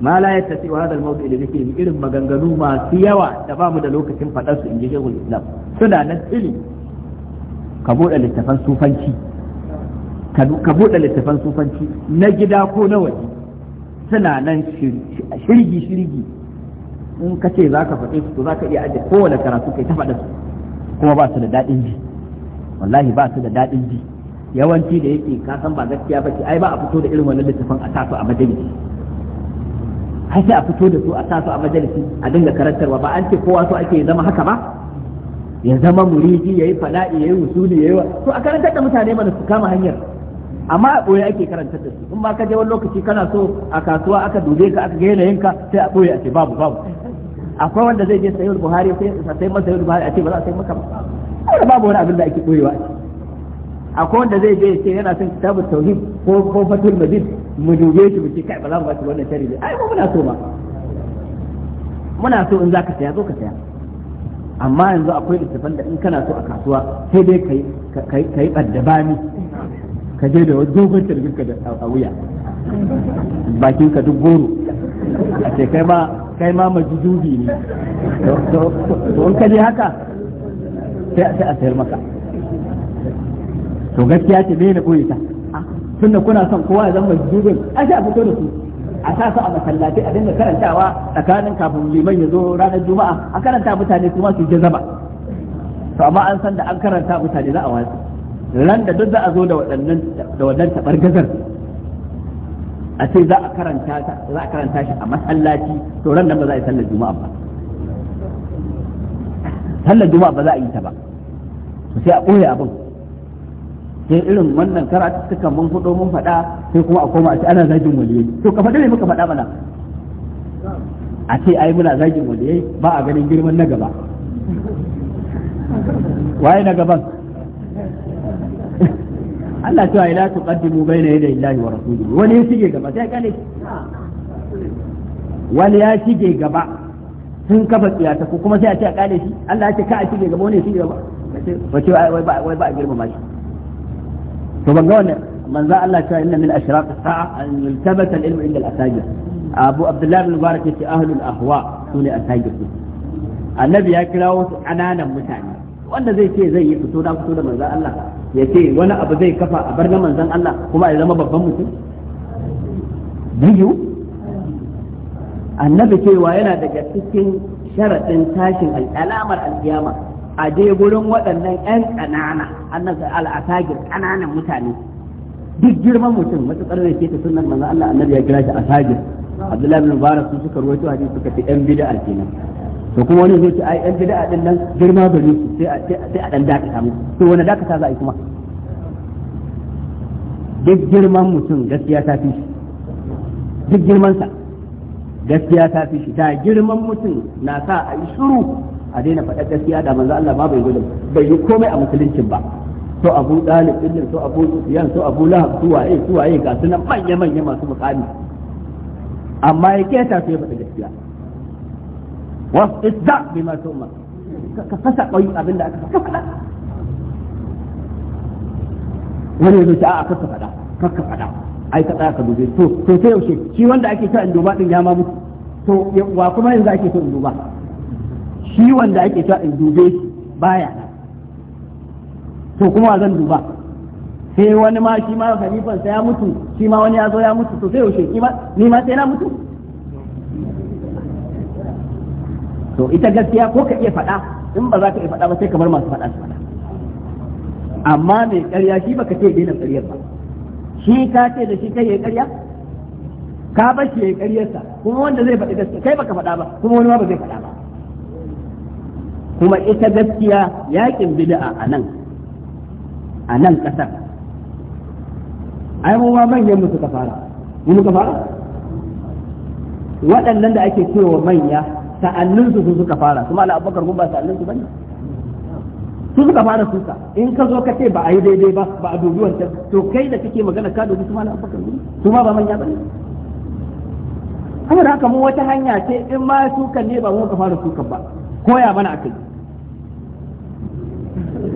ma la ya tasi wa hadal mawdu irin maganganu masu yawa da ba mu da lokacin faɗarsu in ji shehul islam suna nan tsili ka buɗe littafan sufanci ka buɗe littafan sufanci na gida ko na waje suna nan shirgi shirgi in ka ce za ka faɗe su za ka iya ajiye kowane karatu kai ta faɗa su kuma ba su da daɗin ji wallahi ba su da daɗin ji yawanci da yake ka san ba gaskiya ba ce ai ba a fito da irin wannan littafin a su a majalisi ai sai a fito da su a su a majalisi a dinga karantarwa ba an ce kowa so ake zama haka ba ya zama muridi yayi fala'i yayi usuli yayi to a karantar da mutane mana su kama hanyar amma a ɓoye ake karantar da su in ba ka je wani lokaci kana so a kasuwa aka dube ka aka ga yanka sai a ɓoye a ce babu babu akwai wanda zai je sayo buhari sai sai masa sayo buhari a ce ba za a sai maka ba babu wani abin da ake ɓoyewa akwai wanda zai je sai yana son kitabu tauhid ko ko fatul madid mu dube shi mu ce kai ba za mu ba shi wannan ne ai ba muna so ma muna so in za ka saya zo ka saya amma yanzu akwai littafan da in kana so a kasuwa sai dai kai kai kai bani ka je da wasu dogon talibin ka a wuya bakin ka duk goro a ce kai ma kai ma dubi ne to in ka je haka sai a sayar maka to gaskiya ce me na koyi ta ah, da kuna son kowa ya zama majujubin a sha fito da su a sa su a masallaci a dinga karantawa tsakanin kafin liman ya zo ranar juma'a a karanta mutane kuma su je zama to amma an san da an karanta mutane za a watsi ran da duk za a zo da waɗannan da wannan tabargazar a ce za a karanta za a karanta shi a masallaci to ran nan ba za a yi sallar juma'a ba sallar juma'a ba za a yi ta ba sai a ɓoye abin sai irin wannan karatu suka mun hudo mun faɗa sai kuma a koma a ce ana zagin waliyai to ka faɗi ne muka faɗa mana a ce ai muna zagin waliyai ba a ganin girman na gaba waye na gaban Allah ta ila tuqaddimu baina yaday Allahi wa rasulihi wani ya shige gaba sai kane wani ya shige gaba sun kafa tsiyata ko kuma sai a ce a kane shi Allah ya ce ka a shige gaba wani ya shige gaba wace wai ba a girmama shi to ban ga wannan manzo Allah ta inna min ashraq sa'a an yultabata al-ilmu inda al-asajir Abu Abdullah bin Mubarak yace ahlul ahwa sune asajir annabi ya kirawo su kananan mutane wanda zai ce zai yi fito da fito da manzo Allah ya ce wani abu zai kafa a bar na Allah kuma a zama babban mutum biyu annabi cewa yana daga cikin sharaɗin tashin al'alamar alkiyama a je gurin waɗannan 'yan ƙanana annabi al'asagir ƙananan mutane duk girman mutum matuƙar ne ke ta sunan manzan Allah annabi ya kira shi asagir Abdullahi bin Mubarak sun suka rawaito hadisi suka ce ɗan bid'a kenan to kuma wani zai ce ai yan bid'a din nan girma gare su sai sai a dan dakata mu to wani dakata za a yi kuma duk girman mutum gaskiya ta fi shi duk girman sa gaskiya ta fi shi da girman mutum na sa a yi shiru a daina faɗa gaskiya da manzo Allah ba bai gudu bai yi komai a musuluncin ba to Abu Dalib din to Abu yan to Abu Lahab to waye to waye ga sunan manya manya masu mukami amma ya keta sai faɗa gaskiya واستدع بما تؤمر قوي أبن wani a ai dube to sai yaushe shi wanda ake in duba din ya ma mutu to wa kuma yanzu ake in duba shi wanda ake in dube to kuma duba sai wani ma shi ma halifan ya mutu shi ma wani ya zo ya mutu to sai yaushe ni ma sai mutu to ita gaskiya ko ka iya faɗa in ba za ka iya faɗa ba sai ka bar masu faɗa su faɗa amma mai ƙarya shi baka ce daina ƙaryar ba shi ka ce da shi kai ya ƙarya ka bar shi ya ƙaryarsa kuma wanda zai faɗi gaskiya kai baka faɗa ba kuma wani ma ba zai faɗa ba kuma ita gaskiya yakin bid'a a nan a nan ƙasar ai mu ma manyan mu suka fara mu ka fara waɗannan da ake cewa manya sa'annin su suka fara kuma ala abubakar kun ba sa'annin su bane su suka fara suka in ka zo ka ce ba a yi daidai ba ba a dubi wancan to kai da kake magana ka dubi su ma ala abubakar su ma ba manya bane saboda haka mu wata hanya ce in ma sukan ne ba mu ka fara sukan ba koya mana akai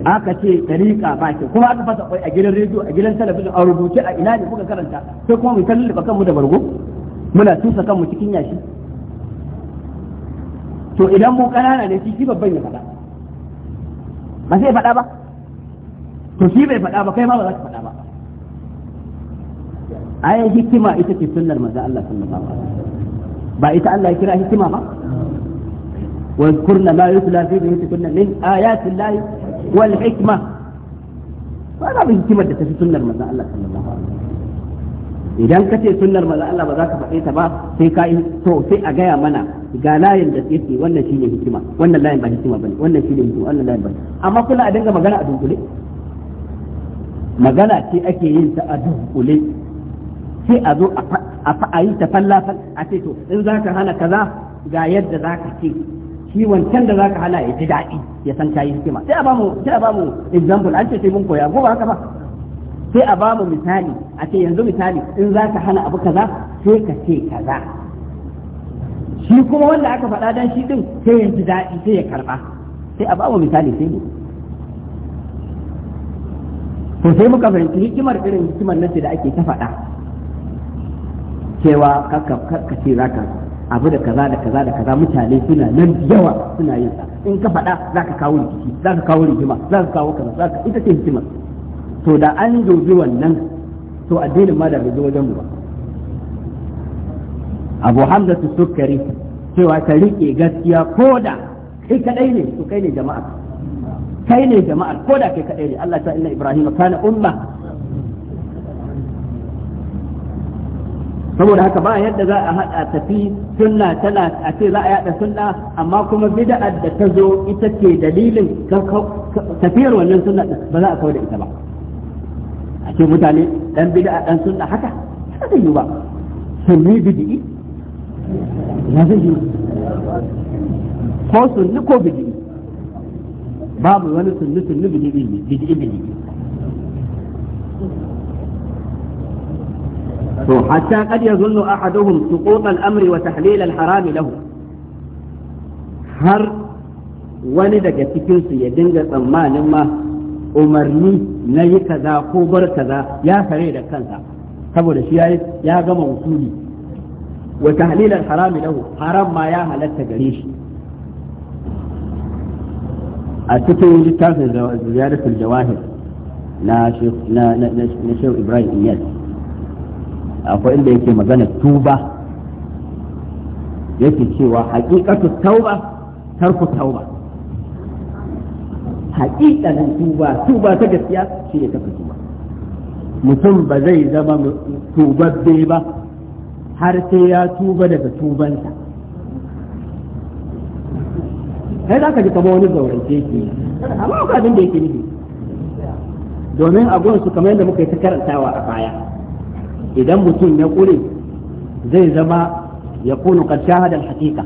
aka ce tariƙa ba ke kuma aka fasa kwai a gidan rediyo a gidan talabijin a rubuce a ina ne kuka karanta sai kuma mu tallafa da kanmu da bargo muna tusa kanmu cikin yashi to idan mu kanana ne shi shi babban ya faɗa ba sai faɗa ba to shi bai faɗa ba kai ma ba za ka faɗa ba ai hikima ita ce sunnar manzo Allah sallallahu alaihi wasallam ba ita Allah ya kira hikima ba wa kurna ma yusla fi kunna min ayati llahi wal hikma ba da hikima da ta fi sunnar manzo Allah sallallahu alaihi wasallam idan ka ce sunnar maza Allah ba za ka faɗe ta ba sai ka yi to sai a gaya mana ga layin da yake wannan shine hikima wannan layin ba hikima bane wannan shine hikima wannan layin ba amma kula a dinga magana a dunkule magana ce ake yin ta a dunkule sai a zo a yi ta fallafan a ce to in za ka hana kaza ga yadda za ka ce shi wancan da za ka hana ya ji daɗi ya san ka yi hikima sai a ba mu sai a ba mu example an ce sai mun koya ko ba haka ba sai a bamu misali a ce yanzu misali in za ka hana abu kaza sai ka ce kaza shi kuma wanda aka faɗa dan shi din sai ya ji daɗi sai ya karɓa sai a bamu misali sai ne to sai muka fahimci hikimar irin hikimar nan da ake ta faɗa cewa ka ce za ka abu da kaza da kaza da kaza mutane suna nan yawa suna yin sa in ka faɗa za ka kawo rikici za ka kawo rigima za ka kawo kaza za ka ita ce hikimar to da an dubi wannan to addinin ma da bai zo wajen ba abu hamza su sukari cewa ka rike gaskiya ko da kai kadai ne to kai ne jama'a kai ne jama'a ko da kai kadai ne Allah ta inna ibrahim kana umma saboda haka ba yadda za a haɗa tafi sunna tana a ce za a yada sunna amma kuma bid'a da ta zo ita ce dalilin tafiyar wannan sunna ba za a kawo da ita ba a ce mutane dan bid'a dan sunna haka sai yi ba sunni bid'i ya zai yi ko sunni ko bid'i babu wani sunni sunni bid'i bid'i bid'i to hatta kad yazunnu ahaduhum suqut al-amri wa tahlil al-haram lahu har wani daga cikinsu ya dinga tsammanin ma umarni na yi kaza ko bar kaza ya kare da kansa saboda shi ya ya gama usuli wa tahlilal harami lahu haram ma ya halatta gare shi a cikin littafin ziyaratul jawahir na na shehu ibrahim iyas akwai inda yake magana tuba yake cewa haqiqatu tauba tarku tauba haƙiƙanin tuba tuba ta gaskiya shi ne kafa tuba mutum ba zai zama tubabbe ba har sai ya tuba daga tubanta kai za ka ji kama wani zaurance ke amma ba abin da yake nufi domin a su kamar yadda muka yi ta karantawa a baya idan mutum ya ƙure zai zama ya kunu kad shahada al-haqiqa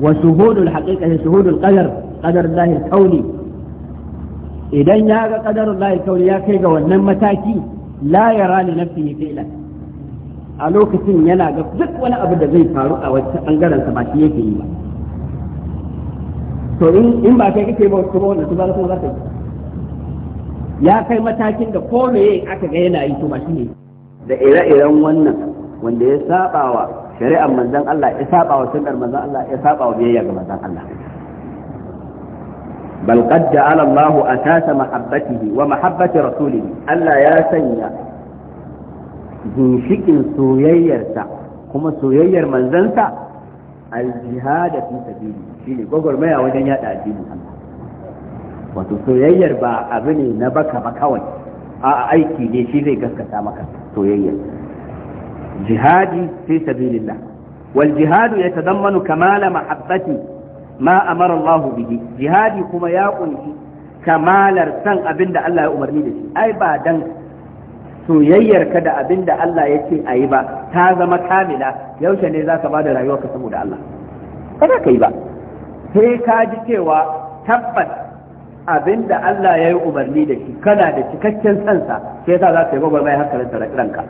wa shuhudul haqiqa shuhudul qadar qadar Allah al-kauni idan ya ga qadarul lahi kauri ya kai ga wannan mataki la yara na fiye fela. a lokacin yana ga duk wani abu da zai faru a wancan bangaren sa ba shi yake yi ba to in ba kai kake ba kuma wanda ba za ka yi ya kai matakin da ko me aka ga yana yi to ba shi ne da ire-iren wannan wanda ya saba wa shari'ar manzon Allah ya saba wa sunnar manzon Allah ya saba wa biyayya ga manzon Allah bal qad ja'ala Allahu asasa mahabbatihi wa mahabbati rasulihi Allah ya sanya ginshikin soyayyarsa kuma soyayyar manzansa al-jihad fi sabili shine gwagwarmaya wajen yada addinin Allah wato soyayyar ba abu ne na baka ba kawai a aiki ne shi zai gaskata maka soyayyar jihadi wal jihadu ma amara Allah bihi jihadi kuma ya kunshi kamalar san abin da Allah ya umarni da shi ai ba dan soyayyar ka da abin da Allah ya ce ayi ba ta zama kamila yaushe ne zaka bada rayuwar ka saboda Allah kada kai ba sai ka ji cewa tabbas abin da Allah ya yi umarni da shi kana da cikakken sansa sai yasa za ka yi gwagwarmaya hankalin ranka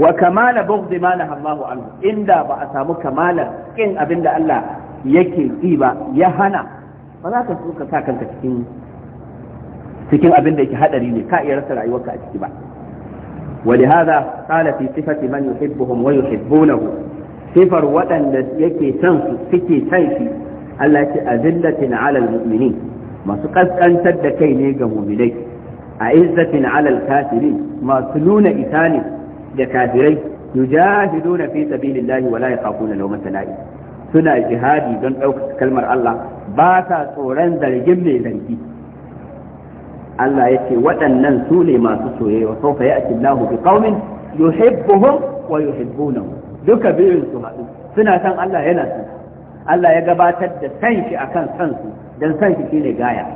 wa kamala bughdi ma nahallahu anhu inda ba a samu kamalar kin abin da Allah yake ƙi ba ya hana ba za ka so ka sa kanka cikin cikin abin da yake hadari ne ka iya rasa rayuwarka a ciki ba ولهذا قال في صفة من يحبهم ويحبونه صفر وأن يكي تنسو سكي تنسي التي أذلة على المؤمنين ما سقط أن تدكي نيجا مؤمنين أعزة على الكافرين ما سنون إثاني لكافرين يجاهدون في سبيل الله ولا يخافون لومة لائم suna jihadi don ɗaukar kalmar Allah ba sa tsoron zargin mai zargi Allah ya ce waɗannan su ne masu soyayya sau fa ya'ti Allahu bi qaumin yuhibbuhum wa yuhibbunahu duka biyun su haɗu suna san Allah yana san Allah ya gabatar da san shi akan san su dan san shi shine gaya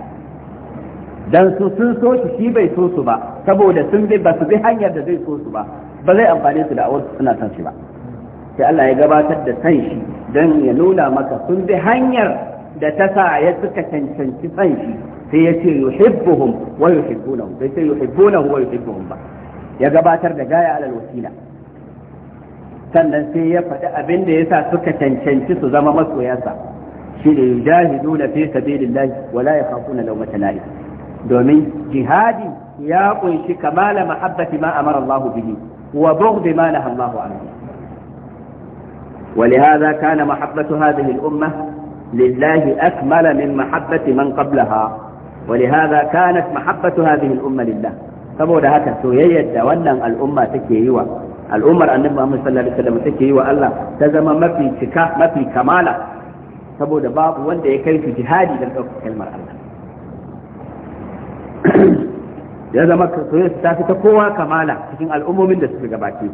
dan su sun so shi shi bai so su ba saboda sun bi ba su bi hanyar da zai so su ba ba zai amfane su da awar suna san shi ba sai Allah ya gabatar da san shi don ya nuna maka sun bi hanyar da ta sa ya suka cancanci san shi sai ya ce yuhibbuhum wa yuhibbunahu sai sai yuhibbunahu wa yuhibbuhum ba ya gabatar da gaya alal wasila sannan sai ya faɗi abin da yasa suka cancanci su zama masoyansa shi da yujahiduna fi sabilillahi wa la yakhafuna lawmata la'ib domin jihadi ya kunshi kamala mahabbati ma amara Allah bihi wa bughd ma nahaa Allah anhu ولهذا كان محبة هذه الأمة لله أكمل من محبة من قبلها ولهذا كانت محبة هذه الأمة لله saboda haka soyayyar da wannan al'umma take yi wa al'ummar annabi Muhammad sallallahu alaihi wasallam take yi wa Allah ta zama mafi cika mafi kamala saboda wanda ya kai su jihadi don ɗaukar kalmar Allah ya zama soyayyar ta fi kowa kamala cikin al'ummomin da suka gabace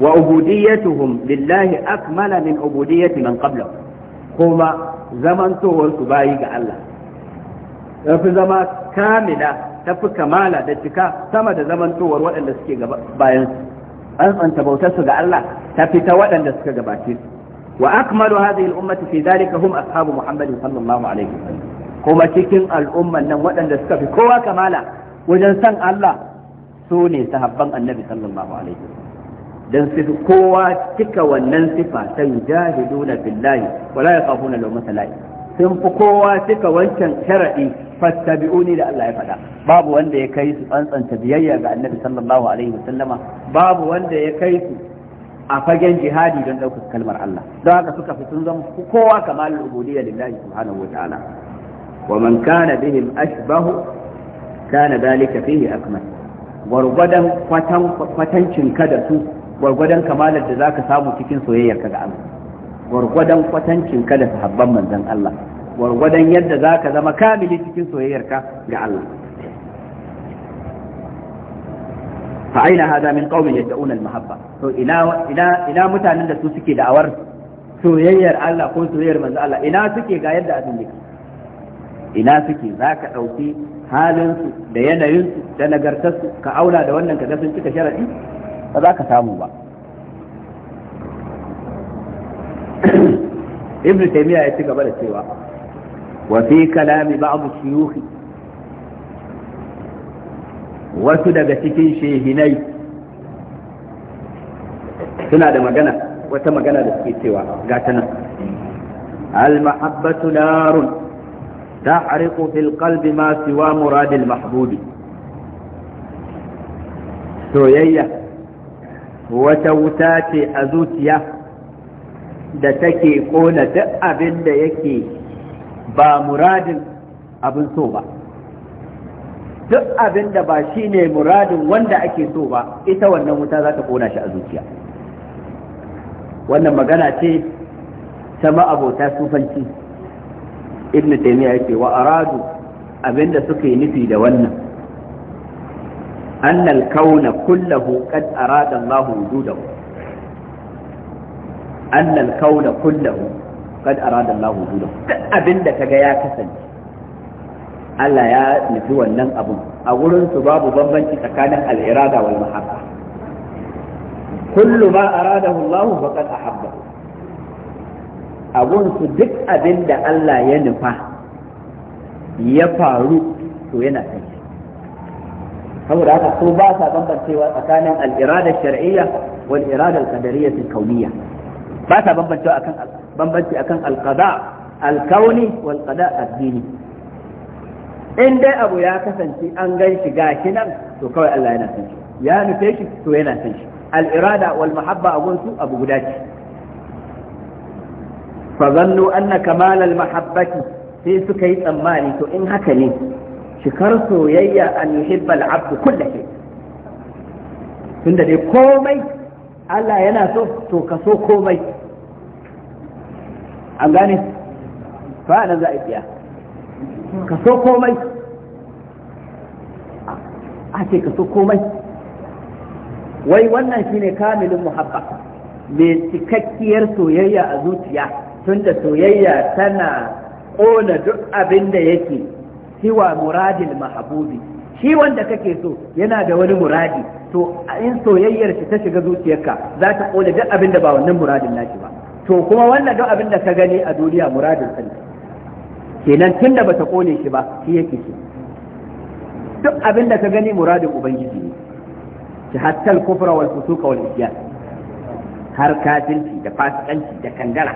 wa ubudiyyatuhum lillahi akmala min ubudiyyati man qablahu kuma zamantowar su ga Allah yafi zama kamila tafi kamala da cika sama da zamantowar waɗanda suke bayan su an bautar su ga Allah ta fita waɗanda suka gabace su wa akmalu hadhihi al-ummati fi dhalika hum ashabu Muhammad sallallahu alaihi wasallam kuma cikin al'umma nan waɗanda suka fi kowa kamala wajen san Allah sune sahabban annabi sallallahu alaihi dan su kowa cika wannan sifa sai jahiduna billahi wala yakhafuna lawmata la'i sun fi kowa cika wancan sharadi fattabi'uni da Allah ya faɗa babu wanda ya kai su tsantsanta biyayya ga Annabi sallallahu alaihi wasallama babu wanda ya kai su a fagen jihadi don ɗaukar kalmar Allah don haka suka fi sun zama kowa kamalul ubudiyya lillahi subhanahu wa ta'ala wa man kana bihim ashbahu kana dalika fihi akmal gwargwadon kwatancin ka da su gwargwadon kamalar da zaka samu cikin soyayyar ka ga Allah gwargwadon kwatancin ka da sahabban manzon Allah gwargwadon yadda zaka zama kamili cikin soyayyar ka ga Allah fa aina hada min qaumin yad'un al-mahabba to ila ila ila mutanen da su suke da'awar soyayyar Allah ko soyayyar manzon Allah ina suke ga yadda abin yake ina suke zaka dauki halinsu da yanayinsu da nagartarsu ka aula da wannan kaga sun cika sharadi ba za ka samu ba *clears throat* ibn taymiya ya ci gaba da cewa wa fi kalami ba'd shuyukh wasu daga cikin shehinai suna da magana wata magana da suke cewa ga ta nan al-mahabbatu narun ta'riqu fil qalbi ma siwa muradil mahbubi soyayya wata wuta ce a zuciya da take kona duk abin da yake ba muradin abin so ba duk abin da ba shi ne muradin wanda ake so ba ita wannan wuta za ta kona shi a zuciya wannan magana ce ta ma'abota sufanci ibn taymiya yake wa aradu abinda suka yi nufi da wannan أن الكون كله قد أراد الله وجوده أن الكون كله قد أراد الله وجوده أبن لك يا كسن ألا يا نفوى النم أبو أقول سباب بمبنك تكان الإرادة والمحبة كل ما أراده الله فقد أحبه أقول سدك أبن لك ألا ينفع يفعل وينفع saboda haka ko ba sa bambancewa tsakanin al'irada irada shar'iyya wal irada al-qadariyya al-kauniyya ba sa bambancewa akan bambanci akan al-qada al-kauni wal qada ad-dini in dai abu ya kasance an gan shi gashi nan to kawai Allah yana san shi ya nufe shi to yana san shi al-irada wal mahabba abun su abu guda ce fa zannu anna kamal al-mahabbati sai suka yi tsammani to in haka ne cikar soyayya an yuhibbal abdu kullahi tunda dai komai Allah yana so to ka so komai an gane fa nan za a biya ka so komai a ce ka so komai wai wannan shine kamilin muhabba mai cikakkiyar soyayya a zuciya tunda soyayya tana ƙona duk abin da yake siwa muradil mahabubi shi wanda kake so yana da wani muradi to in soyayyar shi ta shiga zuciyarka za ta kone duk abin da ba wannan muradin naki ba to kuma wannan duk abin da ka gani a duniya muradin sa kenan tunda ta kone shi ba shi yake shi duk abin da ka gani muradin ubangiji ne shi hattal kufra wal fusuka wal isyan har kafinci da fasikanci da kangara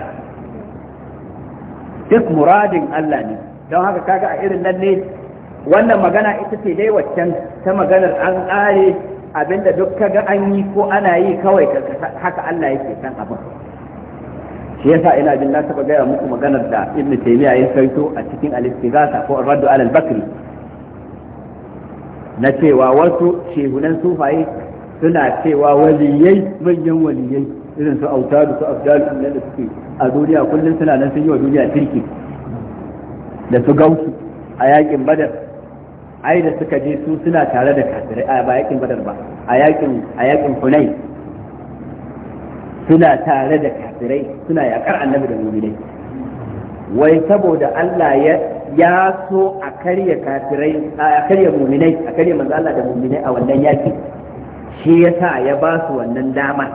duk muradin Allah ne don haka kaga a irin nan ne wannan magana ita ce dai waccan ta maganar an ƙare abinda duk ga an yi ko ana yi kawai haka Allah yake san abin shi yasa ina jin na taba gaya muku maganar da Ibn Taymiyyah ya saito a cikin al-Istighatha ko Ar-Radd ala al-Bakri na cewa wasu shehunan sufaye suna cewa waliyai manyan waliyai irin su autadu su abdalu suke a duniya kullum suna nan sun yi wa duniya firki. da su gausu a yakin badar ai da suka je su suna tare da kafirai a ba yakin badar ba a yakin a yakin hunay suna tare da kafirai suna yakar annabi da mu'minai wai saboda Allah ya ya so a karya kafirai a karya mu'minai a karya manzo Allah da mu'minai a wannan yaki shi yasa ya ba su wannan dama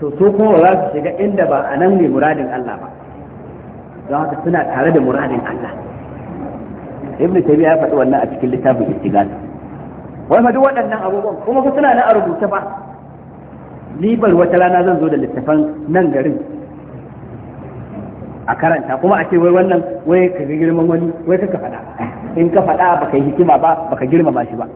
to su kuma za su shiga inda ba a nan ne muradin Allah ba don haka suna tare da muradin Allah Ibn tabi'a ya faɗi wannan a cikin littafin istighatha wai fa duk waɗannan abubuwan kuma ku suna nan a rubuce ba ni bar wata rana zan zo da littafan nan garin a karanta kuma a ce wai wannan wai ka girman wani wai ka faɗa in ka faɗa baka yi hikima ba baka girmama shi ba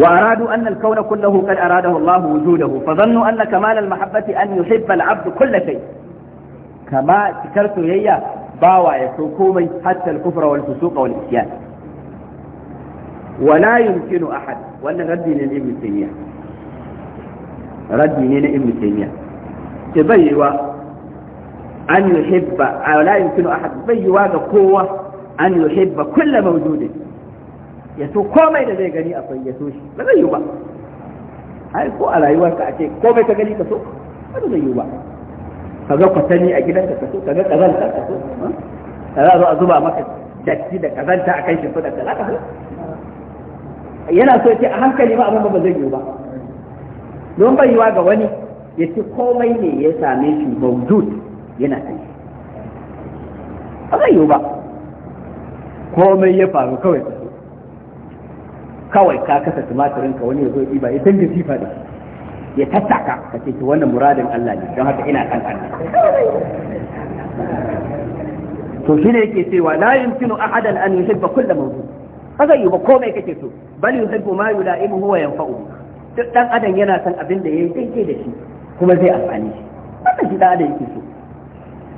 وأرادوا أن الكون كله قد أراده الله وجوده فظنوا أن كمال المحبة أن يحب العبد كل شيء kama cikar soyayya bawa ya so komai hatta kufra wal fusuq wal isyan wala yumkinu ahad wannan raddi ne na ibn taymiya raddi ne na ibn taymiya ce an yuhibba wala yumkinu ahad bai ga kowa an yuhibba kullu ya so komai da zai gani akwai ya so shi ba zai yiwu ba ai ko a rayuwarka a ce komai ka gani ka so ba zai yiwu ba Ka ga kwatanni a gidanka ka so ga kazanta ka so ka za a zuba maka datti da kazanta a kan shi da ka zaka yana so ce a hankali ba abin ba zai yiwu ba don bai yiwa ga wani ya ce komai ne ya same shi mawjud yana kai ba zai yiwu ba komai ya faru kawai kawai ka kasa tumatirin ka wani ya zo ba ya canza sifa da shi ya tattaka ka ce to wannan muradin Allah ne don haka ina kan Allah to shi ne yake cewa la yumkinu ahadan an yuhibba kullu mawdu kaga yuba komai kake so bal yuhibbu ma yulaimu huwa yanfa'u duk dan adam yana san abin da yayi daidai da shi kuma zai amfani shi wannan shi da adam yake so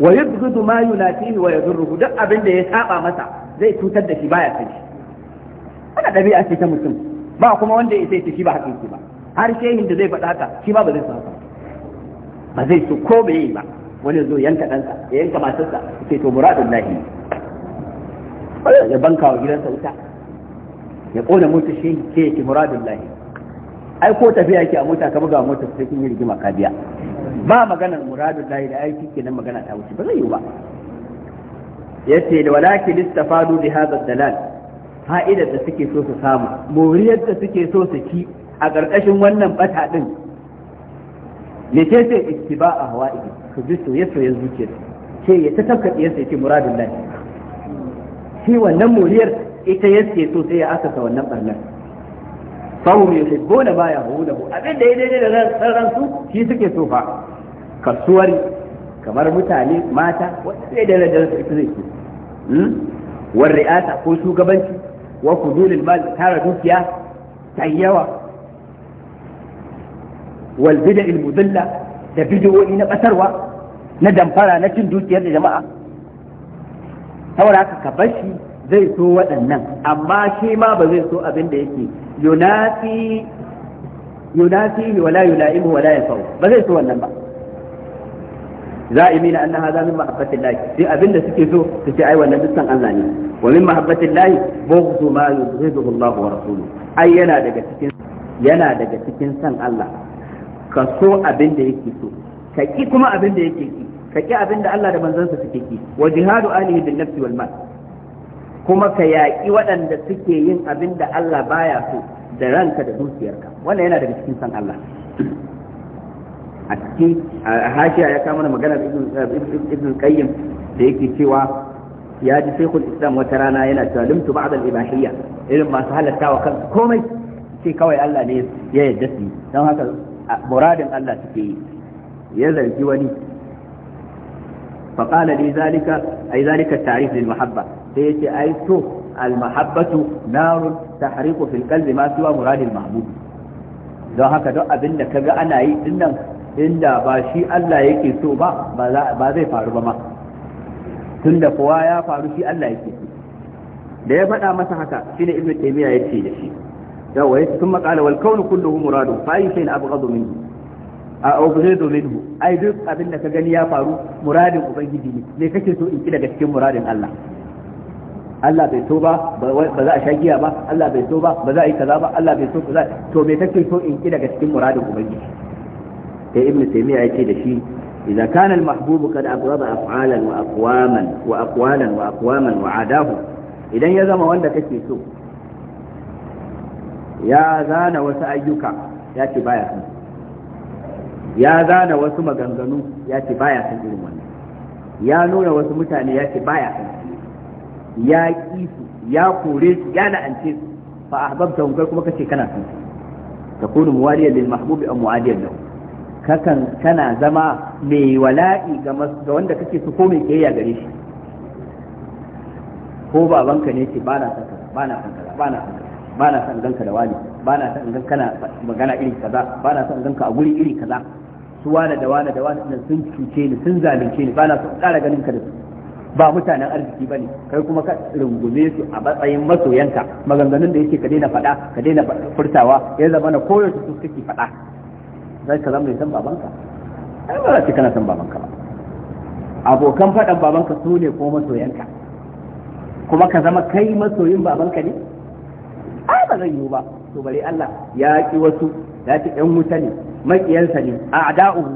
wa yubghidu ma yulatihi wa yadurruhu duk abin da ya saba masa zai cutar da shi baya san shi wannan dabi'a ce ta mutum ba kuma wanda ya sai shi ba hakiki ba har shehin da zai faɗa haka shi ba ba zai so ba zai so ko bai yi ba wani zo yanka ɗansa ya yanka matarsa ke to muradun lahi ya banka wa gidansa wuta ya ƙona mota shi ke yake muradun lahi ai ko tafiya ke a mota ka buga mota sai kin yi rigima ka biya ba maganar muradun lahi da aiki kenan magana ta wuce ba zai yi ba yace da walakin istafadu bi hadha dalal fa'idar da suke so su samu moriyar da suke so su ci. a ƙarƙashin wannan bata ɗin me ce sai ce ba a hawa hawa'i ka bi soye-soyen zuciya ce ya ta tafka ɗiyarsa ya ce muradun lahi shi wannan muriyar ita yake so sai ya asasa wannan ɓarnar fahim ya hibbo da baya hu da hu abin da ya daidai da ran su shi suke so fa kasuwari kamar mutane mata wanda zai daidai da ransu ita zai so hmm? war ko shugabanci wa fudulil mal tara dukiya ta yawa wal bid'il mudilla da bid'o'i na ƙasarwa na damfara na cin dukiyar da jama'a saboda ka bashi zai so waɗannan amma shi ma ba zai so abin da yake yunafi yunafi wala yulaimu wala ya yafau ba zai so wannan ba za'imina anna hadha min mahabbatillahi sai abin da suke so su ce ai wannan dukkan Allah ne wa min mahabbatin mahabbatillahi bughdu ma yubghiduhu Allah wa rasuluhu ai yana daga cikin yana daga cikin san Allah ka so abin da yake so ka ki kuma abin da yake ki ka ki abin da Allah da manzansa suke ki wa jihadu alihi bin nafsi wal mal kuma ka yaƙi waɗanda suke yin abin da Allah baya so da ranka da dukiyarka. wannan yana daga cikin san Allah a cikin hashiya ya kama magana ibn qayyim da yake cewa ya ji kun islam wata rana yana cewa limtu ba'd al ibahiyya irin masu halatta wa kansu komai ce kawai Allah ne ya yarda su don haka muradin Allah suke yi ya zargi wani faƙala ne zalika ai zalika tarif lil mahabba sai yace ai to al mahabbatu ta tahriqu fil qalbi ma siwa muradil mahmud don haka don abin da kaga ana yi nan, inda ba shi Allah yake so ba ba zai faru ba ma tunda kowa ya faru shi Allah yake so da ya faɗa masa haka shine ibnu taymiya ce da shi yawa yace kuma qala wal kaunu kulluhu muradu fa ayi shay'in abghadu minhu a ubghadu minhu ai duk abin da ka gani ya faru muradin ubangiji ne me kake so in ki daga cikin muradin Allah Allah bai so ba ba za a sha giya ba Allah bai so ba ba za a yi kaza ba Allah bai so ba to me kake so in ki daga cikin muradin ubangiji sai ibnu taymiya yace da shi idan afalan wa كان wa قد wa أفعالا wa adahu idan ya zama wanda kake so. ya zana wasu ayyuka ya ce baya san ya zana wasu maganganu ya ce baya san irin wannan ya nuna wasu mutane ya ce baya san ya ƙi su ya kore su ya la'ance su fa ahbabta kai kuma kace kana san takunu muwaliya lil mahbubi am muadiyan lahu kakan kana zama mai wala'i ga wanda kake su ko mai kiyaya gare shi ko babanka ne ce ba na san kaza ba na san ba na san ba na san ganka da wani ba na san ganka kana magana iri kaza ba na san ganka a guri iri kaza su wani da wani da wani sun cuce ni sun zalunce ni ba na san ƙara ganin ka da su ba mutanen arziki bane kai kuma ka rungume su a matsayin masoyanka maganganun da yake ka daina faɗa ka daina furtawa ya zama na koyaushe su kake faɗa zai ka zama mai san babanka ai ba za ka kana san babanka ba abokan faɗan babanka su ne ko masoyanka kuma ka zama kai masoyin babanka ne ai ba zan yiwu ba to bare Allah ya ki wasu ya ci ɗan wuta ne maƙiyansa ne a ada'uhu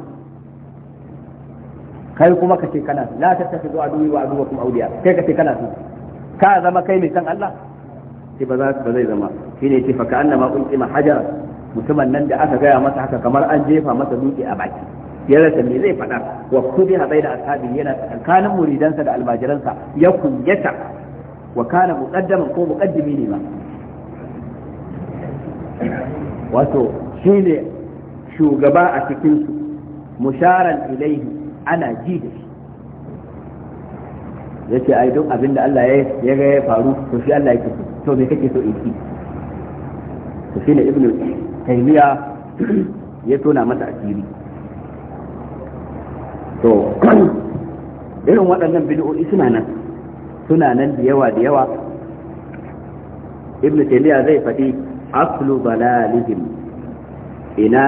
kai kuma ka ce kana la tattakhidhu aduwwi wa aduwwakum awliya kai ka ce kana su ka zama kai mai san Allah sai ba za ba zai zama shine ce fa ka annama ulqima hajar mutumin nan da aka gaya masa haka kamar an jefa masa dutse a baki ya rasa me zai faɗa wa kubi habai da ashabi yana tsakanin muridansa da almajiransa ya kunyata wa kana muqaddaman ko muqaddimi ne ma wato shine shugaba a cikinsu musharan ilaihi ana ji da shi ya ce ai duk abin da Allah ya ga ya faru to shi Allah yake so to me kake so iki to shine ibnu taymiya *clears throat* ya tona masa asiri to *clears throat* irin waɗannan bid'o'i suna nan suna nan da yawa da yawa ibnu taymiya zai faɗi aslu balalihim ina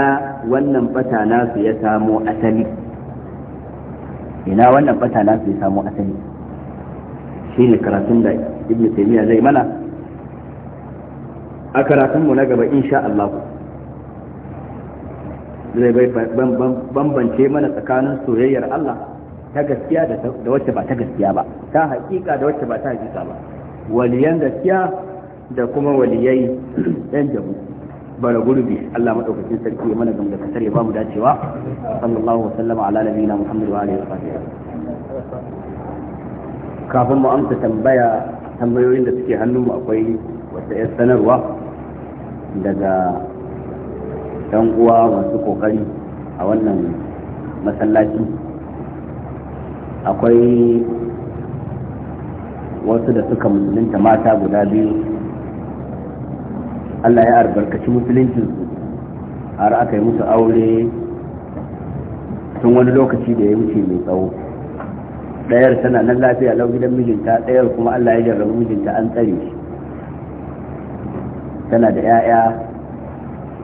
wannan bata nasu ya samo asali ina wannan bata nasu ya samo asali shine karatun da ibn taymiya zai mana a karatun mu na gaba insha Allah zai bambance mana tsakanin soyayyar Allah ta gaskiya da wacce ba ta gaskiya ba ta haƙiƙa da wacce ba ta haƙiƙa ba waliyan gaskiya da kuma waliyai ɗan jamu. bara gurbi Allah madaukakin sarki ya mana gamda kasar ya bamu dacewa sallallahu wa sallama ala nabiyina Muhammad wa alihi wa sahbihi kafin mu amsa tambaya tambayoyin da suke hannun mu akwai wata yar sanarwa daga dan uwa masu kokari a wannan masallaci akwai wasu da suka musulunta mata guda biyu Allah ya albarkaci musulunci su har aka yi musu aure tun wani lokaci da ya wuce mai tsawo ɗayar tana nan lafiya lau gidan mijinta ɗayar kuma Allah ya jarrabu mijinta an tsare shi tana da 'ya'ya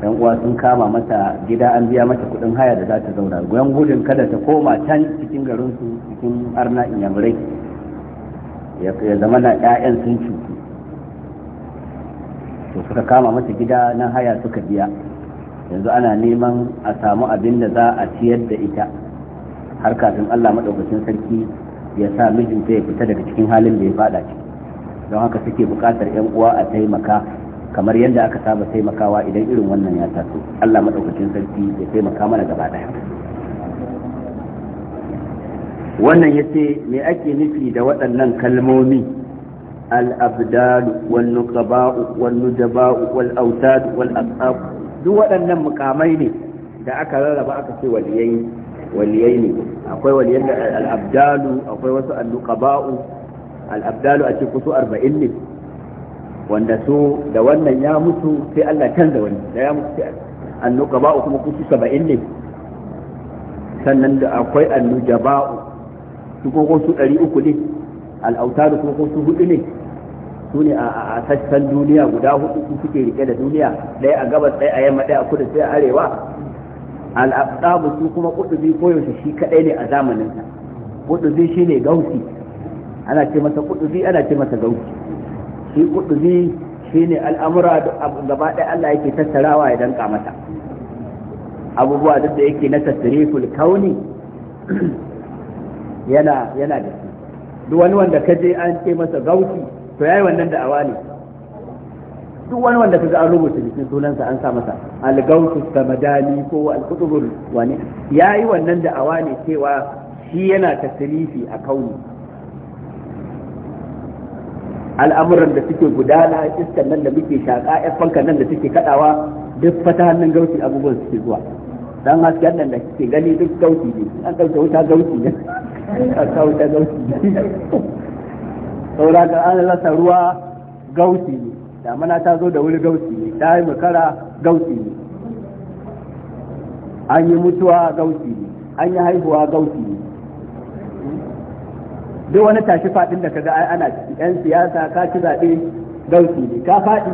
yan uwa sun kama mata gida an biya mata kuɗin haya da za ta zauna goyon gudun kada ta koma can cikin garinsu cikin arna inyamurai ya zama na 'ya'yan sun cutu to suka kama masa gida na haya suka biya yanzu ana neman a samu abin da za a ciyar da ita har kafin Allah maɗaukacin sarki ya sa mijinta ya fita daga cikin halin da ya fada ciki don haka suke buƙatar 'yan uwa a taimaka kamar yadda aka saba taimakawa idan irin wannan ya taso Allah maɗaukacin sarki ya taimaka mana gaba ɗaya wannan ya ce me ake nufi da waɗannan kalmomi al'abdalu wal nuqaba'u wal nujaba'u wal autadu wal asab duk waɗannan mukamai ne da aka rarraba aka ce waliyai ne akwai waliyan da al'abdalu akwai wasu al-nuqaba'u al a ce kusu 40 ne wanda su da wannan ya mutu sai Allah canza wani da ya mutu sai annuqaba'u kuma kusu 70 ne sannan da akwai annujaba'u su ko su uku ne al'autadu kuma ko su hudu ne su ne a sassan duniya guda hudu su suke rike da duniya ɗaya a gabas ɗaya a yamma ɗaya a kudu sai a arewa al'abdabu su kuma kudubi koyaushe shi kadai ne a zamanin sa. kudubi shi ne gausi ana ce masa kudubi ana ce masa gausi shi kudubi shi ne al'amura gaba ɗaya Allah yake tattarawa ya danka mata abubuwa duk da yake na tasiriful kauni *clears throat* yana yana da duk wani wanda ka je an ce masa gauti to yayi wannan da awa ne duk wani wanda ka ga an rubuta jikin sunansa an sa masa al gautu samadani ko al-qutbul wani yayi wannan da awa ne cewa shi yana tasrifi a kauni al'amuran da suke gudana iskan nan da muke shaƙa ƴan fankan nan da suke kaɗawa duk fata hannun gauti abubuwan suke zuwa dan hasken nan da kike gani duk gauti ne an ɗauke wuta gauti ne a kawo ta gauti saura an rasa ruwa gauti ne damana ta zo da wuri gauti ne ta yi makara gauti ne an yi mutuwa gauti ne an yi haihuwa gauti ne duk wani tashi faɗin da kaga ana ciki yan siyasa ka ci zaɓe gauti ne ka faɗi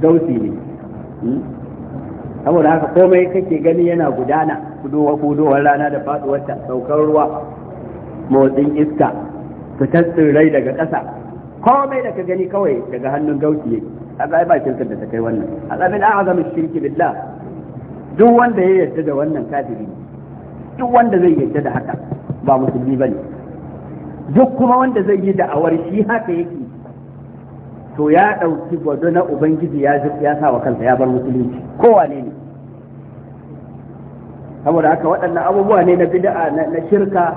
gauti ne hmm? saboda haka komai kake gani yana gudana fudowar rana da faduwarta saukar ruwa motsin iska fitar tsirrai daga ƙasa komai da ka gani kawai daga hannun gauci ne a tsaye ba shirkar da ta kai wannan a ga min azam shirki billah duk wanda ya yarda da wannan kafiri duk wanda zai yarda da haka ba musulmi ne. duk kuma wanda zai yi da'awar shi haka yake to ya ɗauki gwado na ubangiji ya sa wa kansa ya bar musulunci kowa ne ne. saboda haka waɗannan abubuwa ne na bid'a na shirka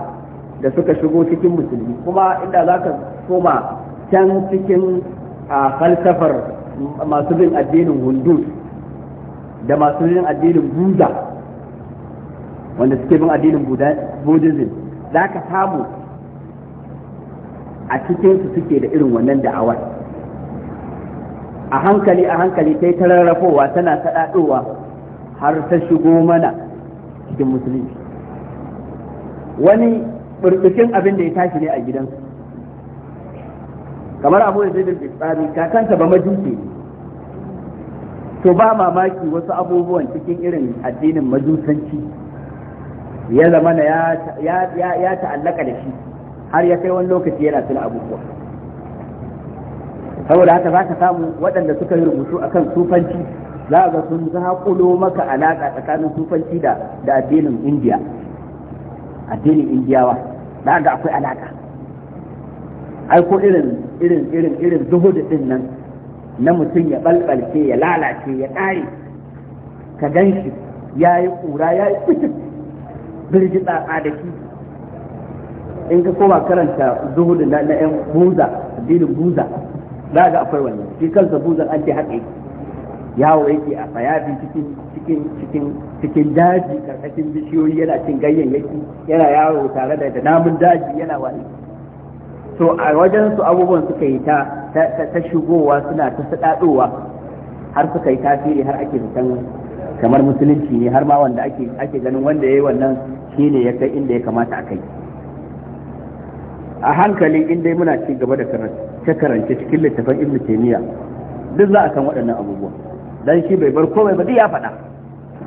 da suka shigo cikin musulmi kuma inda za ka koma can cikin a falsafar masu bin addinin hundus da masu bin addinin buda wanda suke bin addinin buddhism za ka samu a cikinsu suke da irin wannan da'awar a hankali a hankali ta ta rarrafowa tana ta ɗaɗowa, har ta shigo mana cikin musulunci wani burbukin abin da ya tashi ne a gidansu kamar abu da zai tsari kakanta ba majusi to ba mamaki wasu abubuwan cikin irin addinin majusanci ya zama ya ta'allaka da shi har ya kai wani lokaci yana tuna abubuwa saboda haka za ka samu waɗanda suka yi rubutu akan sufanci za ga sun zaƙulo maka alaƙa tsakanin sufanci da da addinin indiya addinin indiyawa za ga akwai alaƙa ai ko irin irin irin irin zuhudu din nan na mutum ya balbalce ya lalace ya ƙare ka gan shi ya yi ƙura ya yi kucin birji tsatsa da shi in ka koma karanta zuhudu na 'yan buza addinin buza za ga akwai wannan shi kansa buzan an ce haka yawo yake a tsayafi cikin cikin cikin cikin daji karkashin bishiyoyi yana cin ganyayyaki yana yawo tare da namun daji yana wani to a wajen su abubuwan suka yi ta ta shigowa suna ta sadadowa har suka yi tasiri har ake fitan kamar musulunci ne har ma wanda ake ake ganin wanda yayi wannan shine ya kai inda ya kamata a kai a hankali in dai muna ci gaba da karance karance cikin littafin ibnu taymiya duk za a san waɗannan abubuwa dan shi bai bar komai ba duk ya faɗa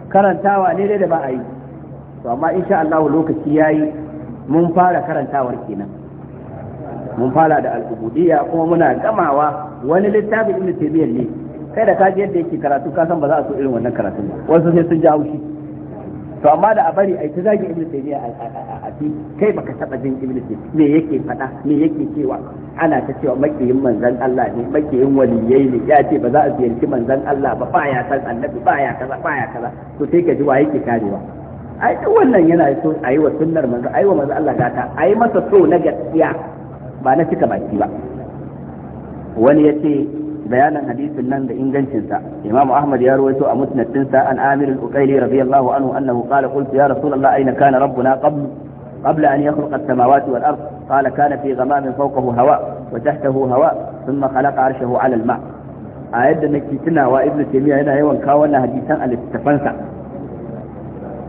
karantawa ne dai da ba a yi to amma insha Allah lokaci yayi mun fara karantawar kenan mun fara da al-ubudiyya kuma muna gamawa wani littafin ibnu taymiya ne kai da kaji yadda yake karatu ka san ba za a so irin wannan karatun ba wasu sai sun ji haushi to amma da a bari ai ta zagi ibn taymiya a fi kai baka taba jin ibn taymiya me yake fada me yake cewa ana ta cewa makiyin manzon Allah ne makiyin waliyai ne ya ce ba za a ziyarci manzon Allah ba ba ya san annabi ba ya kaza ba ya kaza to sai ka ji wa yake karewa ai duk wannan yana so a yi wa sunnar manzo ai wa manzo Allah gata ai masa so na gaskiya ba na cika baki ba wani ya ce bayanin hadisin nan da ingancinsa imamu ahmad ya rawaito a musnad dinsa an amir al-uqayli radiyallahu anhu annahu qala qultu ya rasulullah aina kana rabbuna qabl قبل أن يخلق السماوات والأرض قال كان في غمام فوقه هواء وتحته هواء ثم خلق عرشه على الماء أعد أنك تنوى ابن تيمية هنا يوان كاونا حديثا الاستفنسا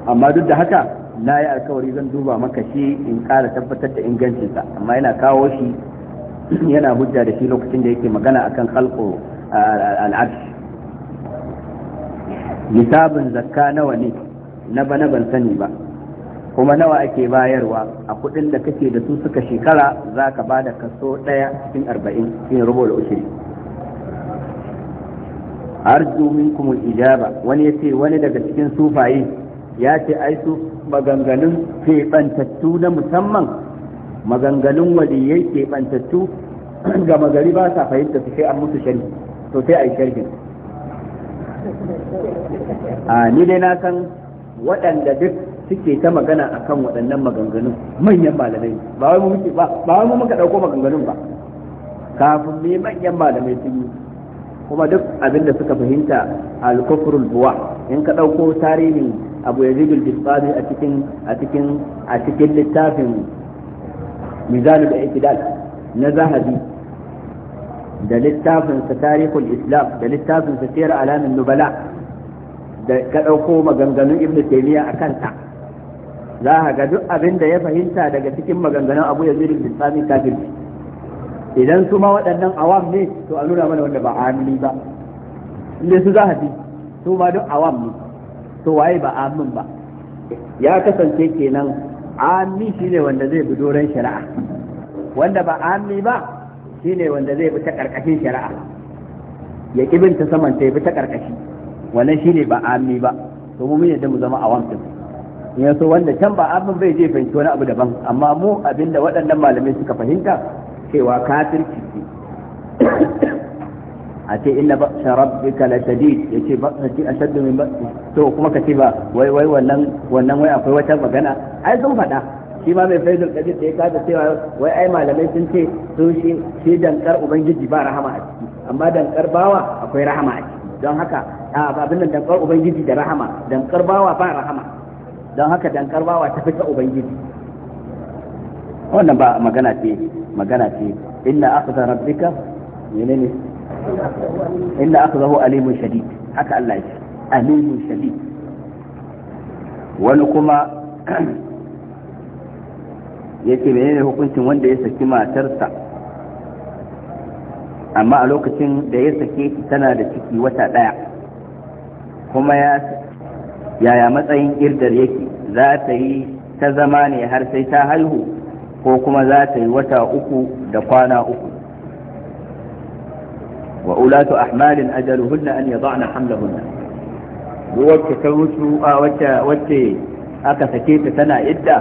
أما ضد هكا لا يأكوري زندوبا مكشي إن قال ثبتت إنجنشنسا أما هنا كاوشي yana hujja da shi lokacin da yake magana akan khalqu al'arsh nisabin zakka nawa ne na bana ban sani ba kuma nawa ake bayarwa a kudin da kake da su suka shekara za ka ba da kaso ɗaya cikin arba'in cikin rubo da ushiri arzu minkum ijaba wani ya ce wani daga cikin sufaye ya ce ai su maganganun keɓantattu na musamman maganganun waliyai ke bantattu *clears throat* ga magari ba sa fahimta su sai an musu shari to sai a yi sharhin a ni dai na san waɗanda duk suke ta magana a kan waɗannan maganganun manyan malamai ba wai mu muka ɗauko maganganun ba kafin mu manyan malamai sun yi kuma duk abin da suka fahimta al buwa in ka ɗauko tarihin abu yazid al a cikin a cikin a cikin littafin mizanul i'tidal na zahabi da littafin sa tarihul islam da littafin sa sirr nubala da ka dauko maganganun ibnu taymiya akan ta za ga duk abin da ya fahimta daga cikin maganganun abu ya zirin islami kafirci idan su ma waɗannan awam ne to a nuna mana wanda ba amini ba inda su za bi su ma duk awam ne to waye ba amin ba ya kasance kenan ammi shine wanda zai bi doron shari'a wanda ba ammi ba shine wanda zai bi ta karkashin shari'a ya kibin ta saman ta bi ta karkashi wannan shine ba ammi ba to mu yadda mu zama awam din ya so wanda can ba abin bai je fahimci wani abu daban amma mu abinda waɗannan malamai suka fahimta cewa kafirci ce a ce inna ba rabbika la shadid yace ba shi ashaddu min ba to kuma ka ce ba wai wai wannan wannan wai akwai wata magana ai sun faɗa shi ma mai faidul kadir da ya kada cewa wai ai malamai sun ce su shi shi dankar ubangiji ba rahama a ciki amma dankar bawa akwai rahama a ciki don haka abin nan dankar ubangiji da rahama dankar bawa ba rahama don haka dankar bawa ta fita ubangiji wannan ba magana ce magana ce inna akhza rabbika menene inda aka zaho alimun shadid haka Allah ya ce alimun shadid wani kuma ya ce menene hukuncin wanda ya saki matarsa amma a lokacin da ya sake tana da ciki wata ɗaya kuma ya yaya matsayin irdar yake za ta yi ta zama ne har sai ta haihu ko kuma za ta yi wata uku da kwana uku وأولاة أحمال أجلهن أن يضعن حملهن wacce ta mutu a wacce aka sake ta tana idda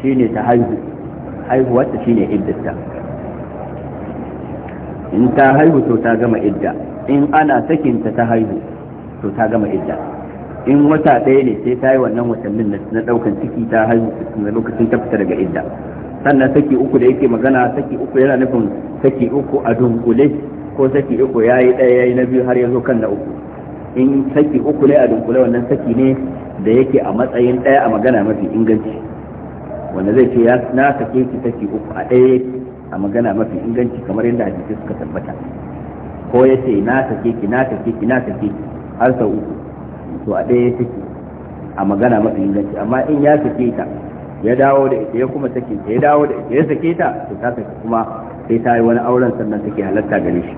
shine ta haihu haihuwarta shine iddarta in ta haihu to ta gama idda in ana ta haihu to ta gama idda in wata ɗaya ne sai ta yi wannan watannin na ɗaukan ciki ta haihu na lokacin ta fita daga idda sannan saki uku da yake magana saki uku yana nufin saki uku a dunkule ko saki uku ya yi ɗaya ya yi na biyu har ya zo kan na uku in saki uku ne a dunkule wannan saki ne da yake a matsayin ɗaya a magana mafi inganci wanda zai ce na sake ki saki uku a ɗaya a magana mafi inganci kamar yadda hadisi suka tabbata ko ya ce na sake ki na sake ki na sake ki har sau uku to a ɗaya ya sake a magana mafi inganci amma in ya sake ta ya dawo da ita ya kuma sake ya dawo da ita ya sake ta to ta sake kuma sai ta yi wani auren sannan take halarta gare shi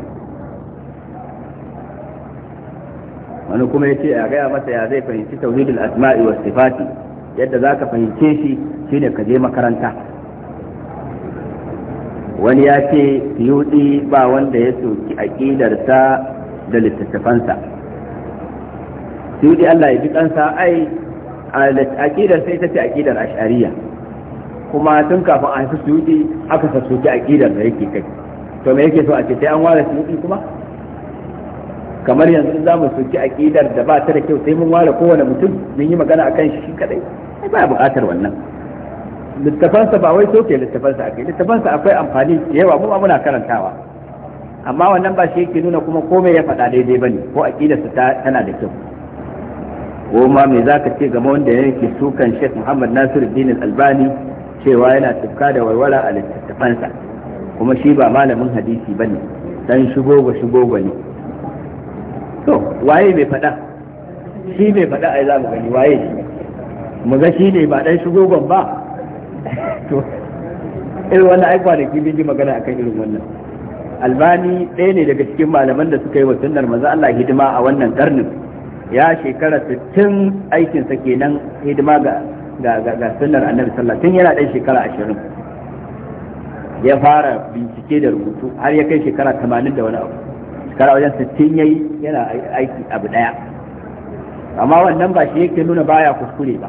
wani kuma ya ce a gaya masa ya zai fahimci tauhidul asma'i was sifati yadda za ka fahimce shi shine ka je makaranta wani ya ce yudi ba wanda ya soki aƙidarsa da littattafansa yudi Allah ya ji kansa ai aƙidar sai ta ce aƙidar ashariya kuma tun kafin a haifi suyuti aka sassoki aƙidar da yake kai to me yake so a ce sai an ware suyuti kuma kamar yanzu za mu suke aƙidar da ba ta da kyau sai mun ware kowane mutum mun yi magana akan shi shi kadai ai ba buƙatar wannan littafansa ba wai soke littafansa akai littafansa akwai amfani yawa mu muna karantawa amma wannan ba shi yake nuna kuma komai ya faɗa daidai bane ko aƙidarsa tana da kyau ko ma me zaka ce game wanda yake sukan Sheikh Muhammad Nasir Din Albani cewa yana tufka da warwara a littattafansa kuma shi ba malamin hadisi bane dan shigo ba shigo ba ne to waye bai faɗa shi bai faɗa ai za mu gani waye mu ga shi ne ba dan shigo ba *laughs* to irin wannan ai kwanaki bin ji magana akan irin wannan albani ɗaya ne daga cikin malaman da suka yi wa sunnar maza Allah hidima a wannan karnin ya shekara 60 aikinsa kenan hidima ga ga sunnar annabi sallallahu tun yana ɗan shekara ashirin ya fara bincike da rubutu har ya kai shekara tamanin da wani abu shekara wajen 60 yayi yana aiki abu ɗaya amma wannan ba shi yake nuna baya kuskure ba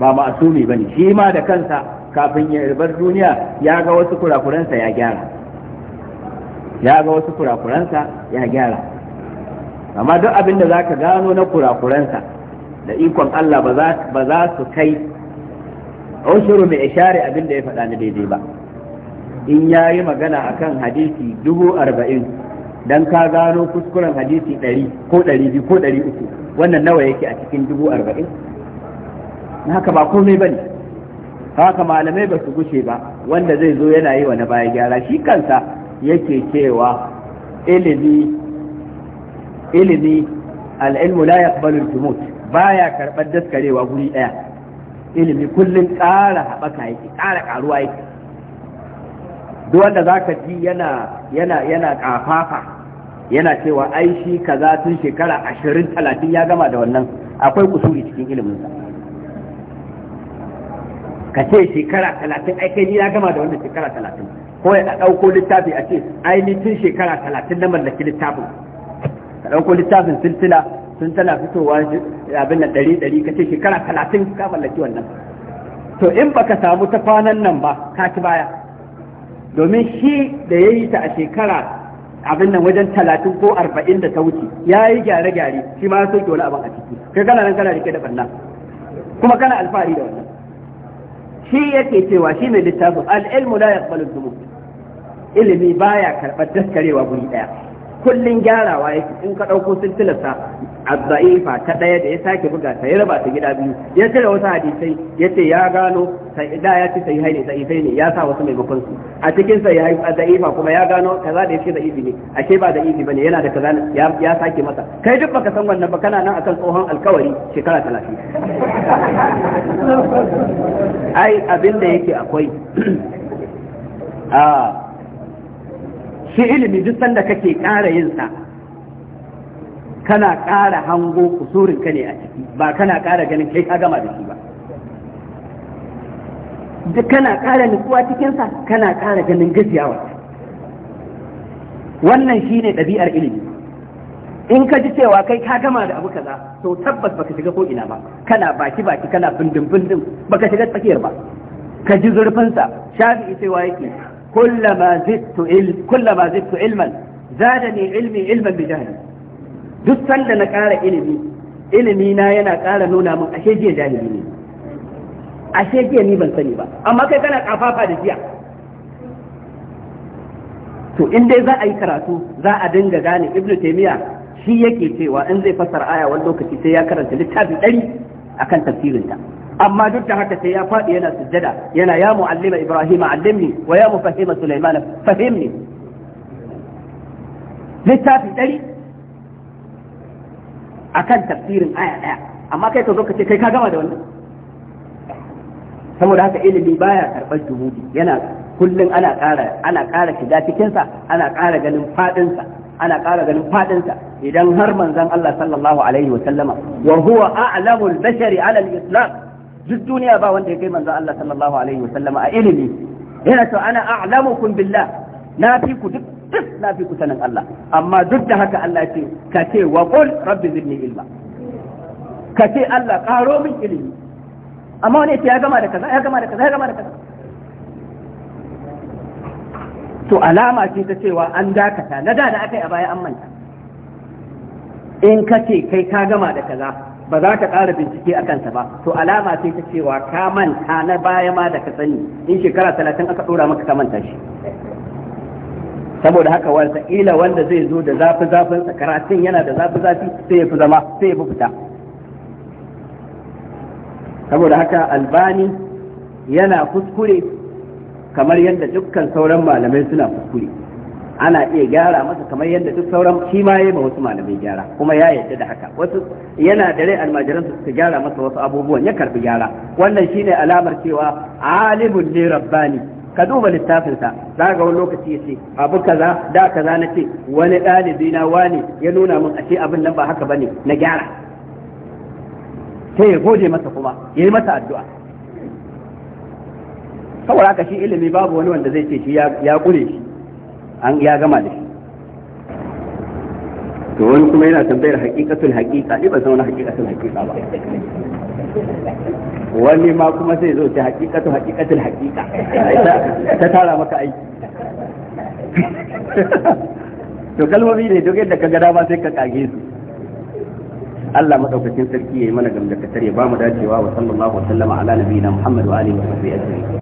ba ma'asumi ba ne shi ma da kansa kafin ya bar duniya ya ga wasu kurakuransa ya gyara ya ga wasu kurakuransa ya gyara amma duk abin da za ka gano na kurakuransa da ikon Allah ba za su kai ushuru mai ishari abin da ya faɗa na daidai ba in ya yi magana akan hadisi dubu arba'in dan ka gano kuskuren hadisi ɗari ko ɗari biyu ko ɗari uku wannan nawa yake a cikin dubu arba'in haka ba komai ba ne haka malamai ba su gushe ba wanda zai zo yana yi wa na baya gyara shi kansa yake cewa ilimi ilimi al'ilmu la yaqbalu jumut ya karɓar daskarewa guri ɗaya ilimi kullum ƙara haɓaka yake ƙara ƙaruwa yake duk wanda za ka ji yana yana yana ƙafafa yana cewa ai shi kaza tun shekara ashirin talatin ya gama da wannan akwai kusuri cikin iliminsa ka ce shekara talatin ai kai ni ya gama da wannan shekara talatin ko ya ɗauko littafi a ce ai ni tun shekara talatin na mallaki littafin ka ɗauko littafin silsila sun tana fitowa abin da ɗari ɗari ka ce shekara talatin ka mallaki wannan to in baka samu ta kwanan nan ba ka ci baya domin shi da ya yi ta a shekara abin nan wajen talatin ko arba'in da ta wuce ya yi gyare-gyare shi ma soke wani abin a ciki kai kana nan kana rike da banna kuma kana alfahari da wannan shi yake cewa shi mai littafin al'ilmu la yaqbalu dhunub ilimi baya karɓar daskarewa guri ɗaya kullun gyarawa yake in ka ɗauko silsilarsa za'ifa ta ɗaya da ya sake buga ta ya raba ta gida biyu ya cire wasu hadisai ya ce ya gano da ya ce sai haini za'ifai ne ya sa wasu maimakon su a cikin a za'ifa kuma ya gano kaza da ya ce da'ifi ne a ke ba ba ne, yana da kaza ya sake masa kai duk baka san wannan ba kana nan akan tsohon alkawari shekara talatin. ai abin da yake akwai *clears throat* a shi ilimi duk sanda kake ƙara yin sa kana ƙara hango kusurin ka ne a ciki ba kana ƙara ganin kai ka gama da shi ba duk kana ƙara nutsuwa cikinsa kana ƙara ganin gajiyawa wannan shine ɗabi'ar ilimi in ka ji cewa kai ka gama da abu kaza to tabbas baka shiga ko ina ba kana baki baki kana bindin bindin baka shiga tsakiyar ba ka ji sa shafi'i cewa yake كلما زدت علم كلما زدت علما زادني علمي علما بجهلي duk sanda na ƙara ilimi ilimi na yana ƙara nuna min ashe jiya jahili ne ashe jiya ni ban sani ba amma kai kana ƙafafa da jiya to in dai za a yi karatu za a dinga gane ibnu taymiya shi yake cewa in zai fassara aya wani lokaci sai ya karanta littafi ɗari akan tafsirinta amma duk da haka sai ya faɗi yana sujjada yana ya mu'allima ibrahim allimni wa ya mufahima sulaiman fahimni littafi ɗari akan tafsirin aya ɗaya amma kai ka zo ka ce kai ka gama da wannan saboda haka ilimi baya karɓar juhudi yana kullum ana ƙara ana ƙara shiga cikinsa ana ƙara ganin faɗinsa ana ƙara ganin faɗinsa idan har manzon Allah sallallahu alaihi wa sallama wa huwa a'lamul bashari ala al-islam duk duniya ba wanda ya kai manzo Allah sallallahu alaihi wa wasallam a ilimi yana to ana a'lamukum billah na fi ku duk na fi ku sanin Allah amma duk da haka Allah ce ka ce wa qul rabbi zidni ilma ka ce Allah karo min ilimi amma wani ya gama da kaza ya gama da kaza ya gama da kaza to alama ce ta cewa an dakata na da da aka yi a baya an manta in ka ce kai ka gama da kaza ba za ka ƙara bincike a kansa ba to alama sai ta cewa ka manta na baya ma da ka sani in shekara talatin aka ɗora maka ka manta shi saboda haka wasa ila wanda zai zo da zafi zafin sa karatun yana da zafi zafi sai ya fi zama sai ya fi fita saboda haka albani yana kuskure kamar yadda dukkan sauran malamai suna kuskure ana iya gyara masa kamar yadda duk sauran shi ma yayi ma wasu malamai gyara kuma ya yadda da haka wasu yana da rai almajiran su su gyara masa wasu abubuwan ya karbi gyara wannan shine alamar cewa alimul li rabbani ka duba littafin sa ga wani lokaci ya ce abu kaza da kaza na ce wani dalibi na wani ya nuna min ashe abin nan ba haka bane na gyara sai ya gode masa kuma ya yi masa addu'a saboda haka shi ilimi babu wani wanda zai ce shi ya kure shi an ya gama da shi to wani kuma yana tambayar haƙiƙatul haƙiƙa ni ba san wani haƙiƙatul haƙiƙa ba wani ma kuma sai zo ta haƙiƙatu haƙiƙatul haƙiƙa ta tara maka aiki to kalmomi ne duk yadda ka gada ba sai ka kage su Allah madaukakin sarki yayi mana gamdakatar tare ba mu dacewa wa sallallahu alaihi wa sallama ala nabiyina Muhammad wa alihi wa sahbihi ajma'in